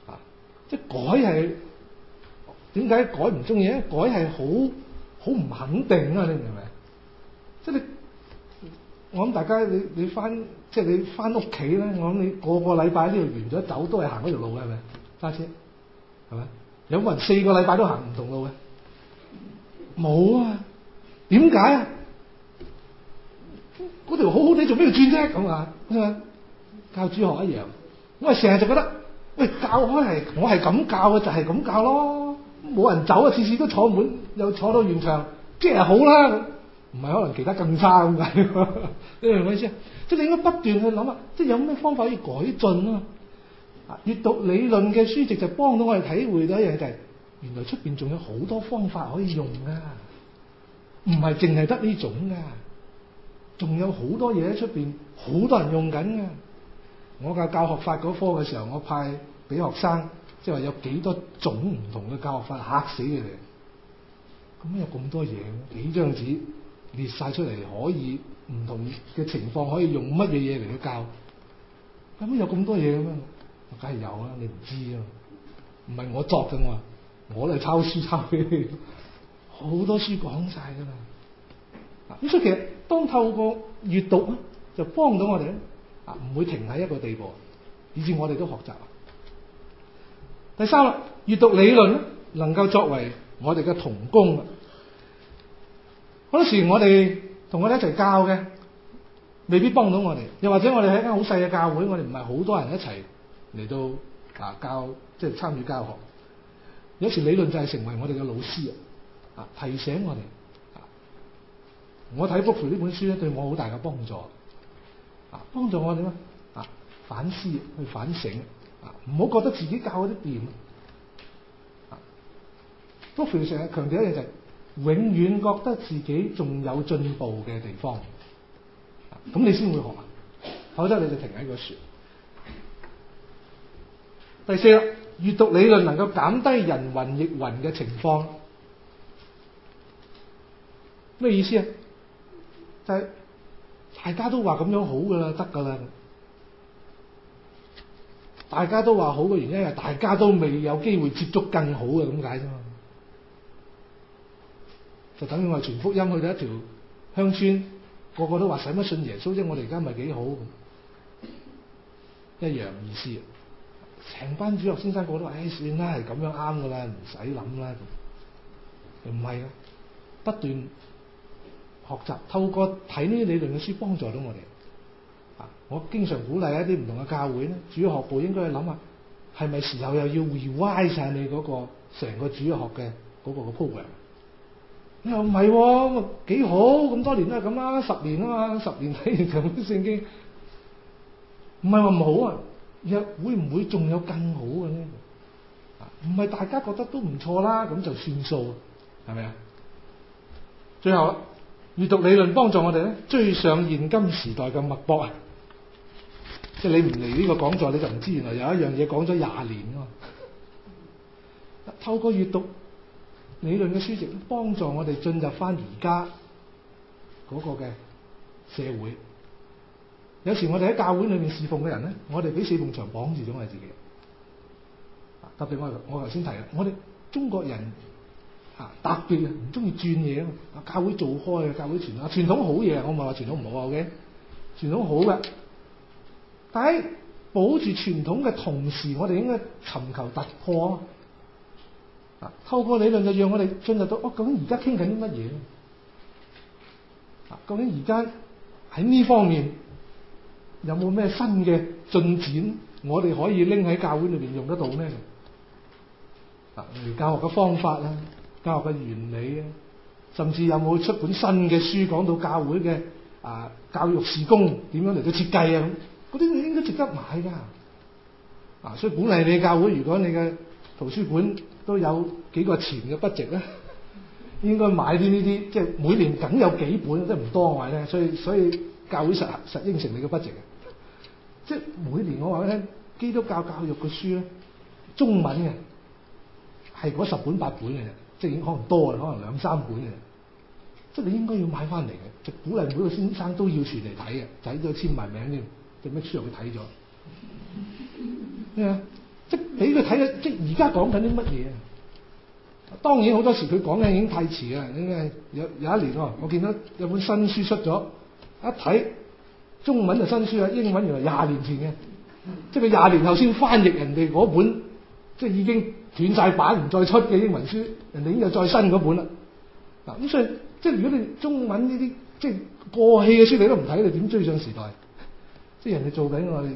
啊！即係改係點解改，唔中意咧？改係好好唔肯定啊！你明唔明？即係你，我諗大家你你翻即係你翻屋企咧，我諗你個個禮拜呢度完咗走都係行嗰條路嘅，係咪揸車？係咪有冇人四個禮拜都行唔同路嘅？冇啊！點解啊？嗰條好好地做咩要轉啫？咁啊，教主學一樣，我係成日就覺得，喂，教開係我係咁教嘅，就係、是、咁教咯，冇人走啊，次次都坐滿，又坐到現場，即係好啦，唔係可能其他更差咁解？ 你明唔明我意思？即係你應該不斷去諗啊，即係有咩方法可以改進啊？啊，閱讀理論嘅書籍就幫到我哋體會到一樣嘢，就係，原來出面仲有好多方法可以用噶，啊，唔係淨係得呢種噶，啊。仲有好多嘢喺出邊，好多人用緊嘅。我教教學法嗰科嘅時候，我派俾學生，即係話有幾多種唔同嘅教學法，嚇死佢哋。咁有咁多嘢，幾張紙列晒出嚟，可以唔同嘅情況可以用乜嘢嘢嚟去教。咁有咁多嘢嘅咩？梗係有啦，你唔知啊。唔係我作嘅，我我都係抄書抄嘅。好多書講晒㗎啦。咁所以其實。當透過閱讀咧，就幫到我哋咧，啊，唔會停喺一個地步，以至我哋都學習。第三，閱讀理論咧，能夠作為我哋嘅同工。好多時我哋同我哋一齊教嘅，未必幫到我哋。又或者我哋喺一間好細嘅教會，我哋唔係好多人一齊嚟到啊教，即係參與教學。有時理論就係成為我哋嘅老師啊，提醒我哋。我睇福培呢本書咧，對我好大嘅幫助。啊，幫助我點咧？啊，反思，去反省。啊，唔好覺得自己教嗰啲掂。福培成日強調一樣就係，永遠覺得自己仲有進步嘅地方。咁你先會學啊，否則你就停喺個樹。第四啦，閱讀理論能夠減低人云亦云嘅情況。咩意思啊？就係大家都話咁樣好噶啦，得噶啦。大家都話好嘅原因係大家都未有機會接觸更好嘅咁解啫嘛。就等於我傳福音去到一條鄉村，個個都話使乜信耶穌啫，我哋而家咪幾好，一樣意思。成班主學先生講都話，唉、哎，算啦，係咁樣啱噶啦，唔使諗啦。咁又唔係啊？不斷。學習透過睇呢啲理論嘅書，幫助到我哋。啊，我經常鼓勵一啲唔同嘅教會咧，主日學部應該去諗下，係咪時候又要 rewrite 曬你嗰、那個成個主日學嘅嗰個嘅 program？又唔係喎，幾好咁多年都係咁啦，十年啊嘛，十年睇完就啲聖經，唔係話唔好啊，又會唔會仲有更好嘅呢？啊，唔係大家覺得都唔錯啦，咁就算數，係咪啊？最後啊。閱讀理論幫助我哋咧，追上現今時代嘅脈搏啊！即係你唔嚟呢個講座，你就唔知原來有一樣嘢講咗廿年啊！透過閱讀理論嘅書籍，幫助我哋進入翻而家嗰個嘅社會。有時我哋喺教會裏面侍奉嘅人咧，我哋俾四面牆綁住咗，我哋自己。特別我我頭先提啦，我哋中國人。特別啊，唔中意轉嘢啊！教會做開啊，教會傳統啊，傳統好嘢，我唔係話傳統唔好嘅，傳統好嘅，OK。但係保住傳統嘅同時，我哋應該尋求突破啊！透過理論就讓我哋進入到哦，究竟而家傾緊啲乜嘢啊？究竟而家喺呢方面有冇咩新嘅進展？我哋可以拎喺教會裏面用得到咩？啊，教學嘅方法啊。教學嘅原理啊，甚至有冇出本新嘅書講到教會嘅啊教育事工點樣嚟到設計啊？嗰啲應該值得買噶啊，所以本嚟，你嘅教會如果你嘅圖書館都有幾個錢嘅筆值咧，應該買啲呢啲，即係每年梗有幾本，即係唔多嘅話咧。所以所以教會實實應承你嘅筆值嘅，即係每年我話咧，基督教教育嘅書咧，中文嘅係嗰十本八本嘅啫。即已經可能多啊，可能兩三本嘅，即係你應該要買翻嚟嘅。即鼓勵每個先生都要傳嚟睇嘅，睇咗簽埋名添。 即係咩書入去睇咗？咩啊？即係俾佢睇嘅。即而家講緊啲乜嘢啊？當然好多時佢講嘅已經太遲啦。因為有有，有一年、喔、我見到有本新書出咗，一睇中文就新書啦，英文原來廿年前嘅，即係佢廿年後先翻譯人哋嗰本，即係已經。斷晒版唔再出嘅英文書，人哋已經有再新嗰本啦。嗱，咁所以即係如果你中文呢啲即係過氣嘅書你都唔睇，你點追上時代？即係人哋做緊我哋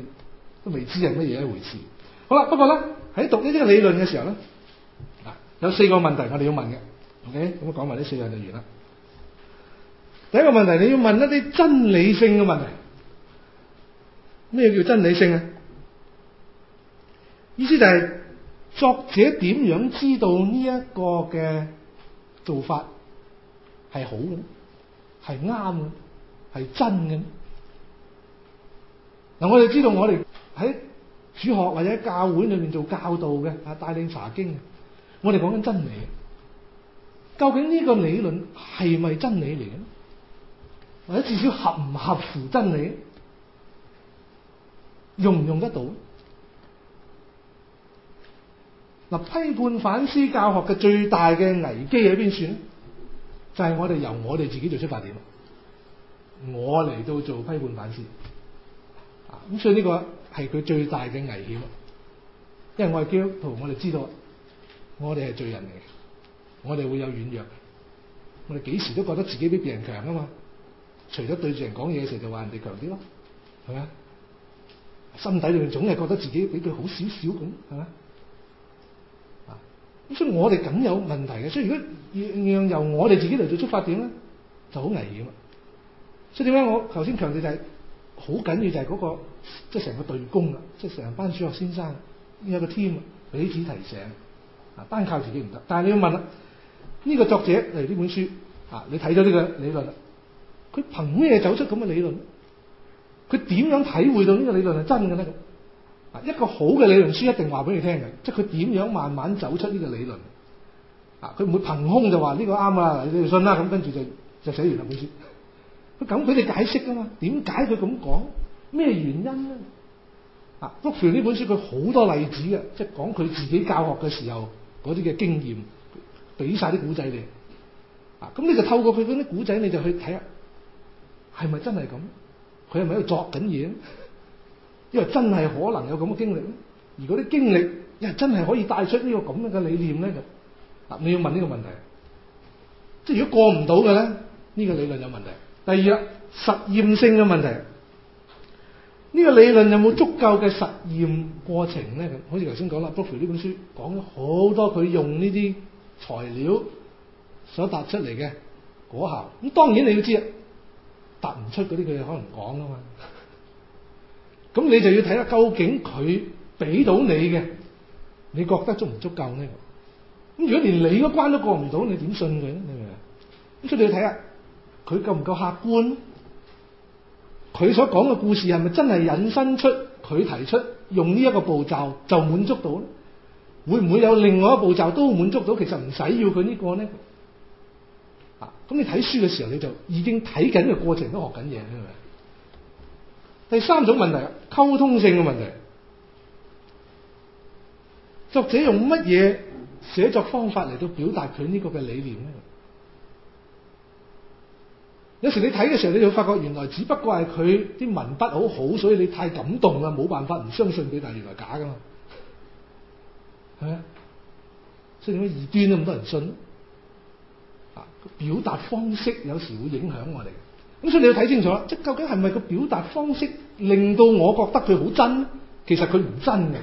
都未知係乜嘢一回事。好啦，不過咧，喺讀呢啲理論嘅時候咧，有四個問題我哋要問嘅，OK？咁講埋呢四樣就完啦。第一個問題，你要問一啲真理性嘅問題。咩叫真理性啊？意思就係、是。作者點樣知道呢一個嘅做法係好嘅、係啱嘅、係真嘅？嗱，我哋知道我哋喺主學或者教會裏面做教導嘅啊，帶領查經嘅，我哋講緊真理。究竟呢個理論係咪真理嚟嘅？或者至少合唔合乎真理？用唔用得到？嗱，批判反思教學嘅最大嘅危機喺邊算，就係我哋由我哋自己做出發點，我嚟到做批判反思，啊咁所以呢個係佢最大嘅危險。因為我係基督徒，我哋知道我哋係罪人嚟嘅，我哋會有軟弱，我哋幾時都覺得自己比別人強啊嘛！除咗對住人講嘢嘅時候，就話人哋強啲咯，係咪啊？心底裡面總係覺得自己比佢好少少咁，係咪啊？所以我哋梗有問題嘅，所以如果要讓由我哋自己嚟做出發點咧，就好危險。所以點解我頭先強調就係好緊要就係個，即係成個隊工啦，即係成班主日學先生呢有個 team 啊，彼此提醒，啊單靠自己唔得。但係你要問啦，呢個作者嚟呢本書啊，你睇咗呢個理論，佢憑咩走出咁嘅理論？佢點樣體會到呢個理論係真嘅咧？一個好嘅理論書一定話俾你聽嘅，即係佢點樣慢慢走出呢個理論。啊，佢唔會憑空就話呢個啱啦，你哋信啦，咁跟住就就寫完啦本書。佢咁俾你解釋噶嘛。點解佢咁講？咩原因咧？啊，book 住呢本書佢好多例子嘅，即係講佢自己教學嘅時候嗰啲嘅經驗，俾晒啲古仔你。啊，咁你就透過佢嗰啲古仔，你就去睇下係咪真係咁？佢係咪喺度作緊嘢？因為真係可能有咁嘅經歷，而果啲經歷又真係可以帶出呢個咁樣嘅理念咧，就嗱你要問呢個問題，即係如果過唔到嘅咧，呢個理論有問題。第二啦，實驗性嘅問題，呢個理論有冇足夠嘅實驗過程咧？好似頭先講啦，Booker 呢本書講咗好多佢用呢啲材料所達出嚟嘅果效，咁當然你要知呀，達唔出嗰啲佢可能講噶嘛。咁你就要睇下究竟佢俾到你嘅，你覺得足唔足夠呢？咁如果連你個關都過唔到，你點信佢呢？明唔明？咁所以你要睇下，佢夠唔夠客觀？佢所講嘅故事係咪真係引申出佢提出用呢一個步驟就滿足到咧？會唔會有另外一個步驟都滿足到？其實唔使要佢呢個咧。啊，咁你睇書嘅時候，你就已經睇緊嘅過程都學緊嘢。第三種問題，溝通性嘅問題，作者用乜嘢寫作方法嚟到表達佢呢個嘅理念咧？有時你睇嘅時候，你就會發覺，原來只不過係佢啲文筆好好，所以你太感動啦，冇辦法唔相信佢，但係原來假噶嘛，係咪？所以點解異端都咁多人信？啊，表達方式有時會影響我哋。咁所以你要睇清楚啦，即究竟係咪個表達方式令到我覺得佢好真？其實佢唔真嘅，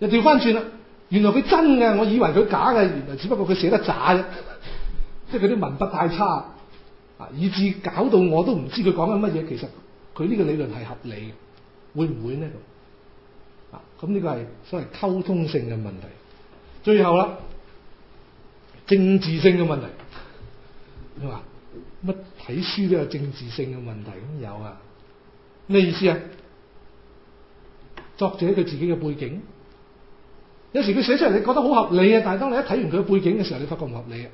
又調翻轉啦。原來佢真嘅，我以為佢假嘅，原來只不過佢寫得渣啫，即係佢啲文筆太差，啊，以致搞到我都唔知佢講緊乜嘢。其實佢呢個理論係合理嘅，會唔會呢？啊，咁呢個係所謂溝通性嘅問題。最後啦，政治性嘅問題。佢話乜睇書都有政治性嘅問題，咁有啊？咩意思啊？作者佢自己嘅背景，有時佢寫出嚟，你覺得好合理啊，但係當你一睇完佢嘅背景嘅時候，你發覺唔合理啊！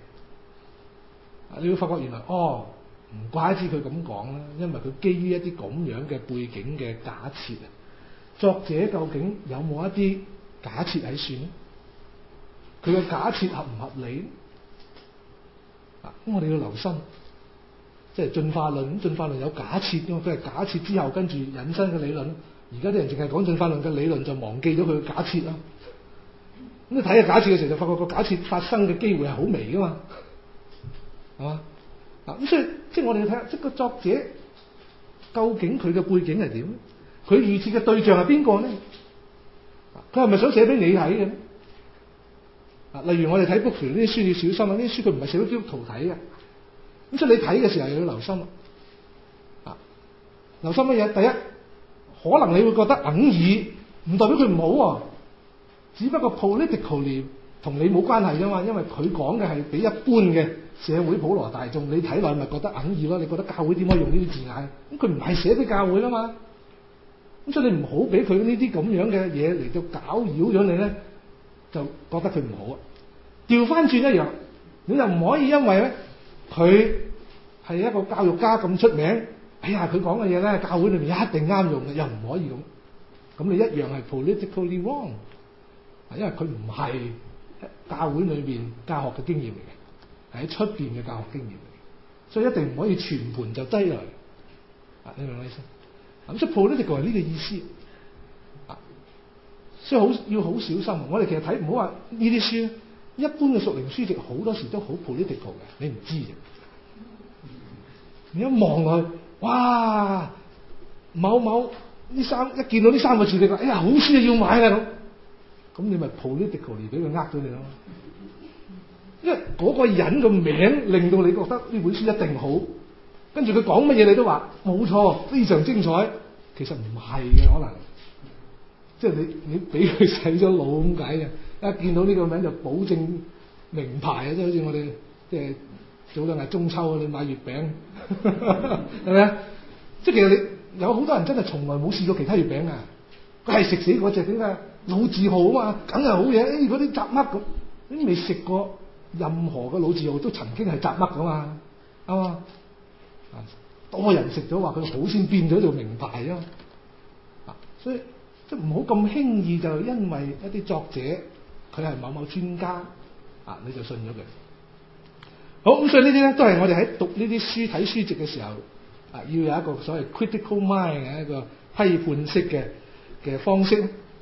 你會發覺原來哦，唔怪之佢咁講啦，因為佢基於一啲咁樣嘅背景嘅假設啊。作者究竟有冇一啲假設喺算？佢嘅假設合唔合理？咁我哋要留心，即係進化論。進化論有假設，因為佢係假設之後跟住引申嘅理論。而家啲人淨係講進化論嘅理論，就忘記咗佢嘅假設啦。咁你睇下假設嘅時候，就發覺個假設發生嘅機會係好微噶嘛，係嘛？啊，咁所以即係我哋要睇下，即係個作者究竟佢嘅背景係點？佢預設嘅對象係邊個咧？佢係咪想寫俾你睇嘅咧？例如我哋睇《Brookfield》呢啲書要小心啊！呢啲書佢唔係寫俾基督徒睇嘅，咁所以你睇嘅時候又要留心。啊，留心乜嘢？第一，可能你會覺得哽耳，唔代表佢唔好啊，只不過 political 同你冇關係啫嘛，因為佢講嘅係俾一般嘅社會普羅大眾你睇落咪覺得哽耳咯。你覺得教會點可以用呢啲字眼？咁佢唔係寫俾教會啊嘛。咁所以你唔好俾佢呢啲咁樣嘅嘢嚟到搞擾咗你咧。就覺得佢唔好啊！調翻轉一樣，你又唔可以因為咧佢係一個教育家咁出名，哎呀佢講嘅嘢咧，教會裏面一定啱用嘅，又唔可以咁。咁你一樣係 politically wrong，因為佢唔係教會裏面教學嘅經驗嚟嘅，係喺出邊嘅教學經驗嚟嘅，所以一定唔可以全盤就低落嚟。啊，你明唔明意思？咁出 political 係呢個意思。所以好要好小心。我哋其實睇唔好話呢啲書，一般嘅屬靈書籍好多時都好 political 嘅，你唔知嘅。你一望落去，哇，某某呢三一見到呢三個字，你話：哎呀，好書啊，要買啦！咁，咁你咪 political 嚟俾佢呃咗你咯。因為嗰個人嘅名令到你覺得呢本書一定好，跟住佢講乜嘢你都話冇錯，非常精彩。其實唔係嘅可能。即係你你俾佢洗咗腦咁解嘅，一見到呢個名就保證名牌啊！即係好似我哋即係早兩日中秋啊，你買月餅係咪啊？即係其實你有好多人真係從來冇試過其他月餅啊，佢係食死嗰隻點啊，老字號啊嘛，梗係好嘢！誒嗰啲雜乜咁，你未食過任何嘅老字號都曾經係雜乜噶嘛，係嘛？多人食咗話佢好先變咗做名牌啊嘛，啊所以。即唔好咁輕易就因為一啲作者佢係某某專家啊，你就信咗佢。好，咁，所以呢啲咧都係我哋喺讀呢啲書睇書籍嘅時候啊，要有一個所謂 critical mind 嘅一個批判式嘅嘅方式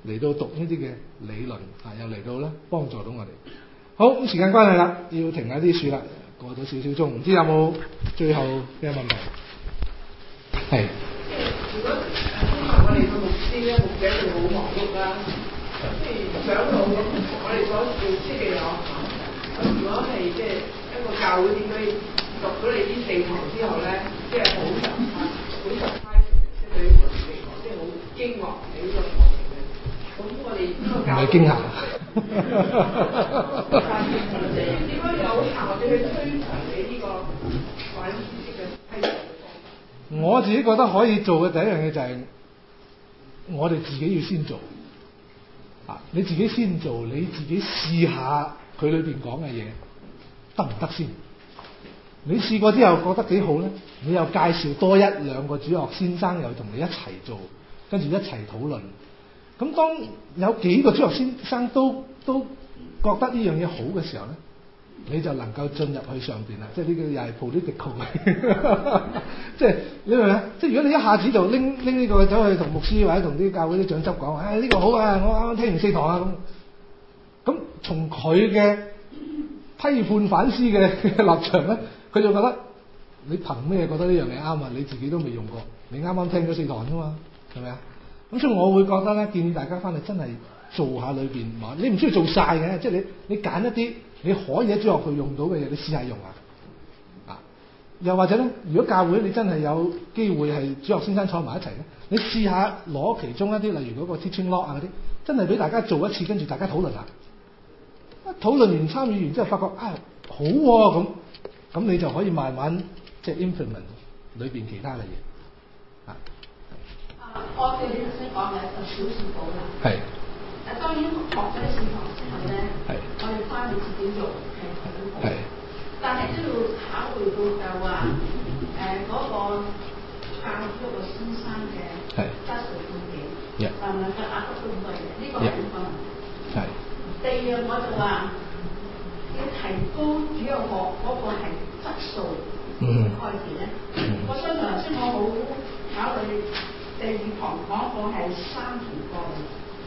嚟到讀呢啲嘅理論啊，又嚟到咧幫助到我哋。好，咁，時間關係啦，要停下啲樹啦，過咗少少鐘，唔知有冇最後嘅問題？係。 啲目標係好忙碌啊，即係咁。我哋所做啲嘅嘢，咁如果係即係一個教會點樣讀咗你啲地圖之後咧，即係好好即係我好驚愕呢，我哋唔係驚嚇，點樣有效去推呢個知識嘅，我自己覺得可以做嘅第一樣嘢就係、是。我哋自己要先做，啊！你自己先做，你自己試下佢裏邊講嘅嘢得唔得先？你試過之後覺得幾好咧，你又介紹多一兩個主學先生又同你一齊做，跟住一齊討論。咁當有幾個主學先生都都覺得呢樣嘢好嘅時候咧？你就能夠進入去上邊啦， 即係呢個又係 political 嚟，即係你明唔明？即係如果你一下子就拎拎呢個走去同牧師或者同啲教會啲長執講，唉，呢個好啊，我啱啱聽完四堂啊咁。咁從佢嘅批判反思嘅立場咧，佢就覺得你憑咩覺得呢樣嘢啱啊？你自己都未用過，你剛剛過是是，你啱啱聽咗四堂咋嘛，係咪啊？咁所以我會覺得咧，建議大家翻嚟真係。做下裏面，你唔需要做曬嘅，即係你你揀一啲你可以喺主學去用到嘅嘢，你試，試用下用下啊！又或者咧，如果教會你真係有機會係主學先生坐埋一齊咧，你試下攞其中一啲，例如嗰個 teaching log 啊嗰啲，真係俾大家做一次，跟住大家討論下。討論完參與完之後，發覺啊好喎、啊、咁，咁你就可以慢慢即係 implement 裏面其他嘅嘢啊。我哋李先講嘅係小事補啦。當然學咗呢四堂之後咧，我哋翻去自己做係好、嗯，但係都、嗯、要考慮到就話誒嗰、嗯嗯呃嗯嗯嗯那個教嗰、嗯這個先生嘅質素方能力量嘅額度方面，呢個係一個問題。第二樣我就話、嗯、要提高主日學嗰、那個係質素嘅階段咧。我相信頭先我好考慮第二堂講課係三條幹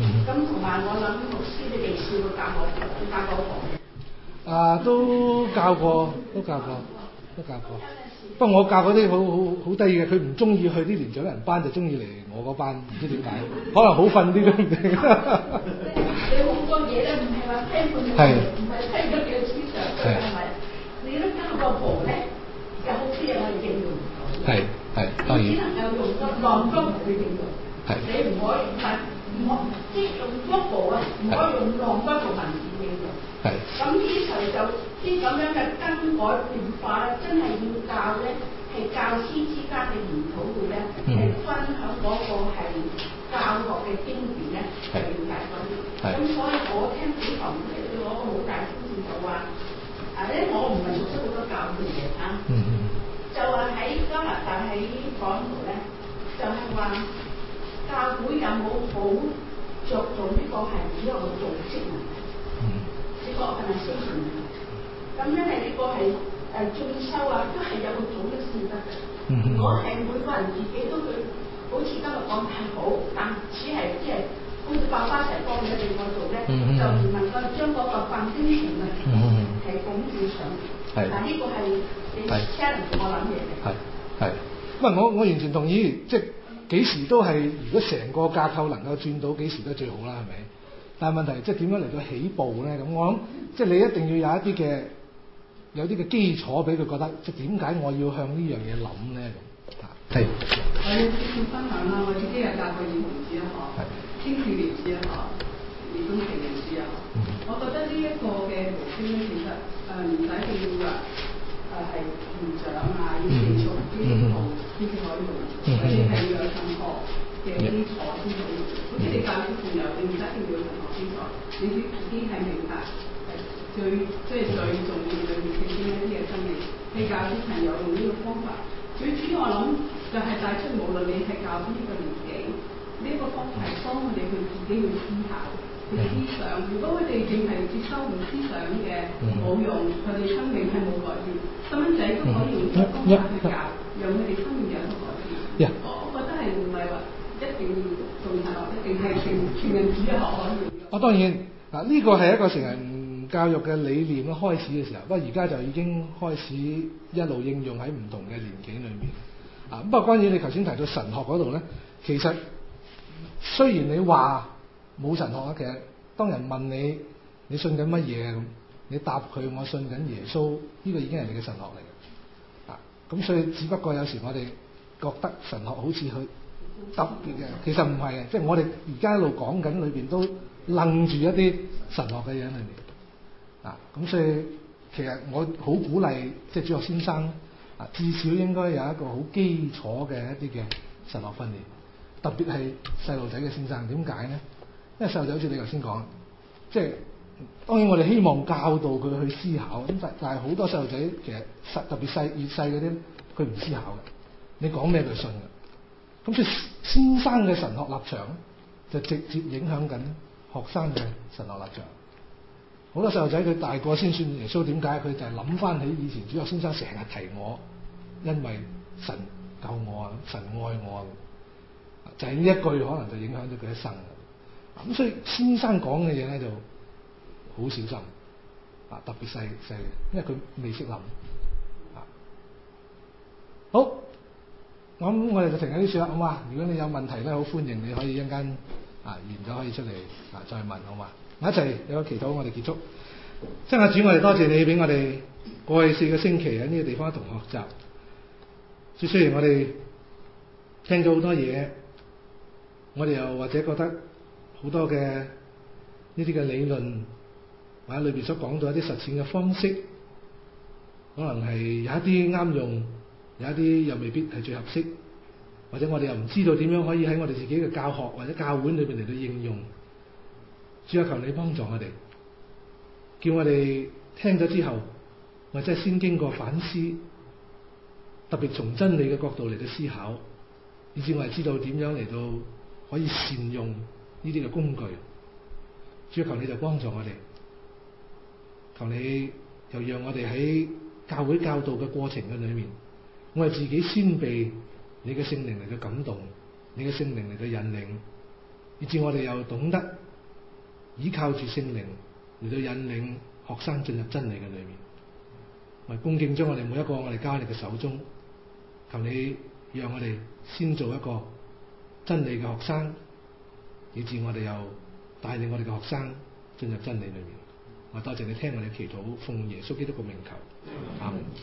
咁同埋我諗老師，你未試過教我教過我？啊，都教過，都教過，都教過。教過，不過我教嗰啲好好好低嘅，佢唔中意去啲年長人班，就中意嚟我嗰班，唔知點解？ 可能好瞓啲都唔定。你好多嘢咧，唔係話聽半日，唔係聽得幾抽上，係咪？你都教個婆咧，有啲嘢我哋要用到。係，係當然，當然你只能夠用得浪中去用。係你唔可以。.就是，我唔知用 d 部啊，唔可以用兩 d 部文字嘅嘢。係。咁呢啲時候就啲咁樣嘅更改變化咧，真係要教咧，係教師之間嘅研討會咧，係分享嗰個係教學嘅經驗咧，係了解嗰啲。咁所以我聽幾頭，你攞個好簡單嘅就話，啊！咧，我唔係做出好多教學嘅嘢啊。嗯嗯。就話喺加拿大，喺港台咧，就係、是、話。教會有冇好着重呢個係一個組織問題？嗯，你、這個係咪先？咁因為呢個係誒眾修啊，都係有個組織先得。嗯哼，如果係每個人自己都去，好似今日講得好，但只係即係好似爆花一嚿嘢嚟過做咧，嗯嗯，就唔能夠將嗰個發展潛力，嗯嗯，係鞏固上嚟。係，但呢個係你聽唔同我諗嘢嘅。係係，餵我我完全同意，即幾時都係，如果成個架構能夠轉到幾時都最好啦，係咪？但係問題即係點樣嚟到起步呢？咁我諗即係你一定要有一啲嘅有啲嘅基礎俾佢覺得，即係點解我要向呢樣嘢諗咧？咁我係。我要分享啦，我自己嘅價值連盟主一嗬，簽住連盟主啊，嗬，李忠誠連盟主。我覺得呢一個嘅目標呢，其實唔使咁㗎。誒係唔長啊，要先從基礎，先至可以用，這個。佢哋係要有任何嘅基礎先用。好、嗯、似你教小朋友，你唔得要任何基礎，你自己係明白係最即係最重要嘅，佢裏面嘅啲乜嘢。你教小朋友用呢個方法，最主要我諗就係帶出無論你係教邊個年紀，呢、這個方法幫佢哋去自己去思考去思想。如果佢哋淨係接收唔思想嘅，冇、嗯、用，佢哋生命係冇改變。細蚊仔都可以用啲方法去教，讓佢哋心念有啲改變。我覺得係唔係話一定宗教，一定係全成人之後可以？啊，當然，嗱呢個係一個成人教育嘅理念咯。開始嘅時候，不過而家就已經開始一路應用喺唔同嘅年紀裏面。不過關於你頭先提到神學嗰度呢，其實雖然你話冇神學嘅，當人問你你信緊乜嘢？你答佢，我信緊耶穌，呢個已經係你嘅神學嚟嘅。啊，咁所以只不過有時我哋覺得神學好似佢特別嘅，其實唔係嘅，即係我哋而家一路講緊裏面都愣住一啲神學嘅嘢嚟。啊，咁所以其實我好鼓勵，即係主學先生啊，至少應該有一個好基礎嘅一啲嘅神學訓練，特別係細路仔嘅先生。點解咧？因為細路仔好似你頭先講，即係。當然我哋希望教導佢去思考，咁但但係好多細路仔其實細特別細，越細嗰啲，佢唔思考嘅，你講咩佢信嘅。咁所以先生嘅神學立場就直接影響緊學生嘅神學立場。好多細路仔佢大個先算耶穌，點解佢就係諗翻起以前主教先生成日提我，因為神救我啊，神愛我啊，就係呢一句可能就影響咗佢一生。咁所以先生講嘅嘢咧就。好小心啊！特別細細嘅，因為佢未識諗啊。好，我咁我哋就停喺呢處啦，好嘛？如果你有問題咧，好歡迎你可以一陣間啊完咗可以出嚟啊再問，好嘛？一齊有個祈禱，我哋結束。即係阿主，我哋多謝你俾我哋過去四個星期喺呢個地方一同學習。雖雖然我哋聽咗好多嘢，我哋又或者覺得好多嘅呢啲嘅理論。喺裏邊所講到一啲實踐嘅方式，可能係有一啲啱用，有一啲又未必係最合適，或者我哋又唔知道點樣可以喺我哋自己嘅教學或者教會裏邊嚟到應用。主，求你幫助我哋，叫我哋聽咗之後，或者先經過反思，特別從真理嘅角度嚟到思考，以至我哋知道點樣嚟到可以善用呢啲嘅工具。主要求你就幫助我哋。求你又讓我哋喺教會教導嘅過程嘅裏面，我哋自己先被你嘅聖靈嚟到感動，你嘅聖靈嚟到引領，以至我哋又懂得依靠住聖靈嚟到引領學生進入真理嘅裏面。我們恭敬將我哋每一個我哋交喺你嘅手中，求你讓我哋先做一個真理嘅學生，以至我哋又帶領我哋嘅學生進入真理裏面。我多謝你聽我哋祈禱，奉耶穌基督嘅名求，啊、嗯！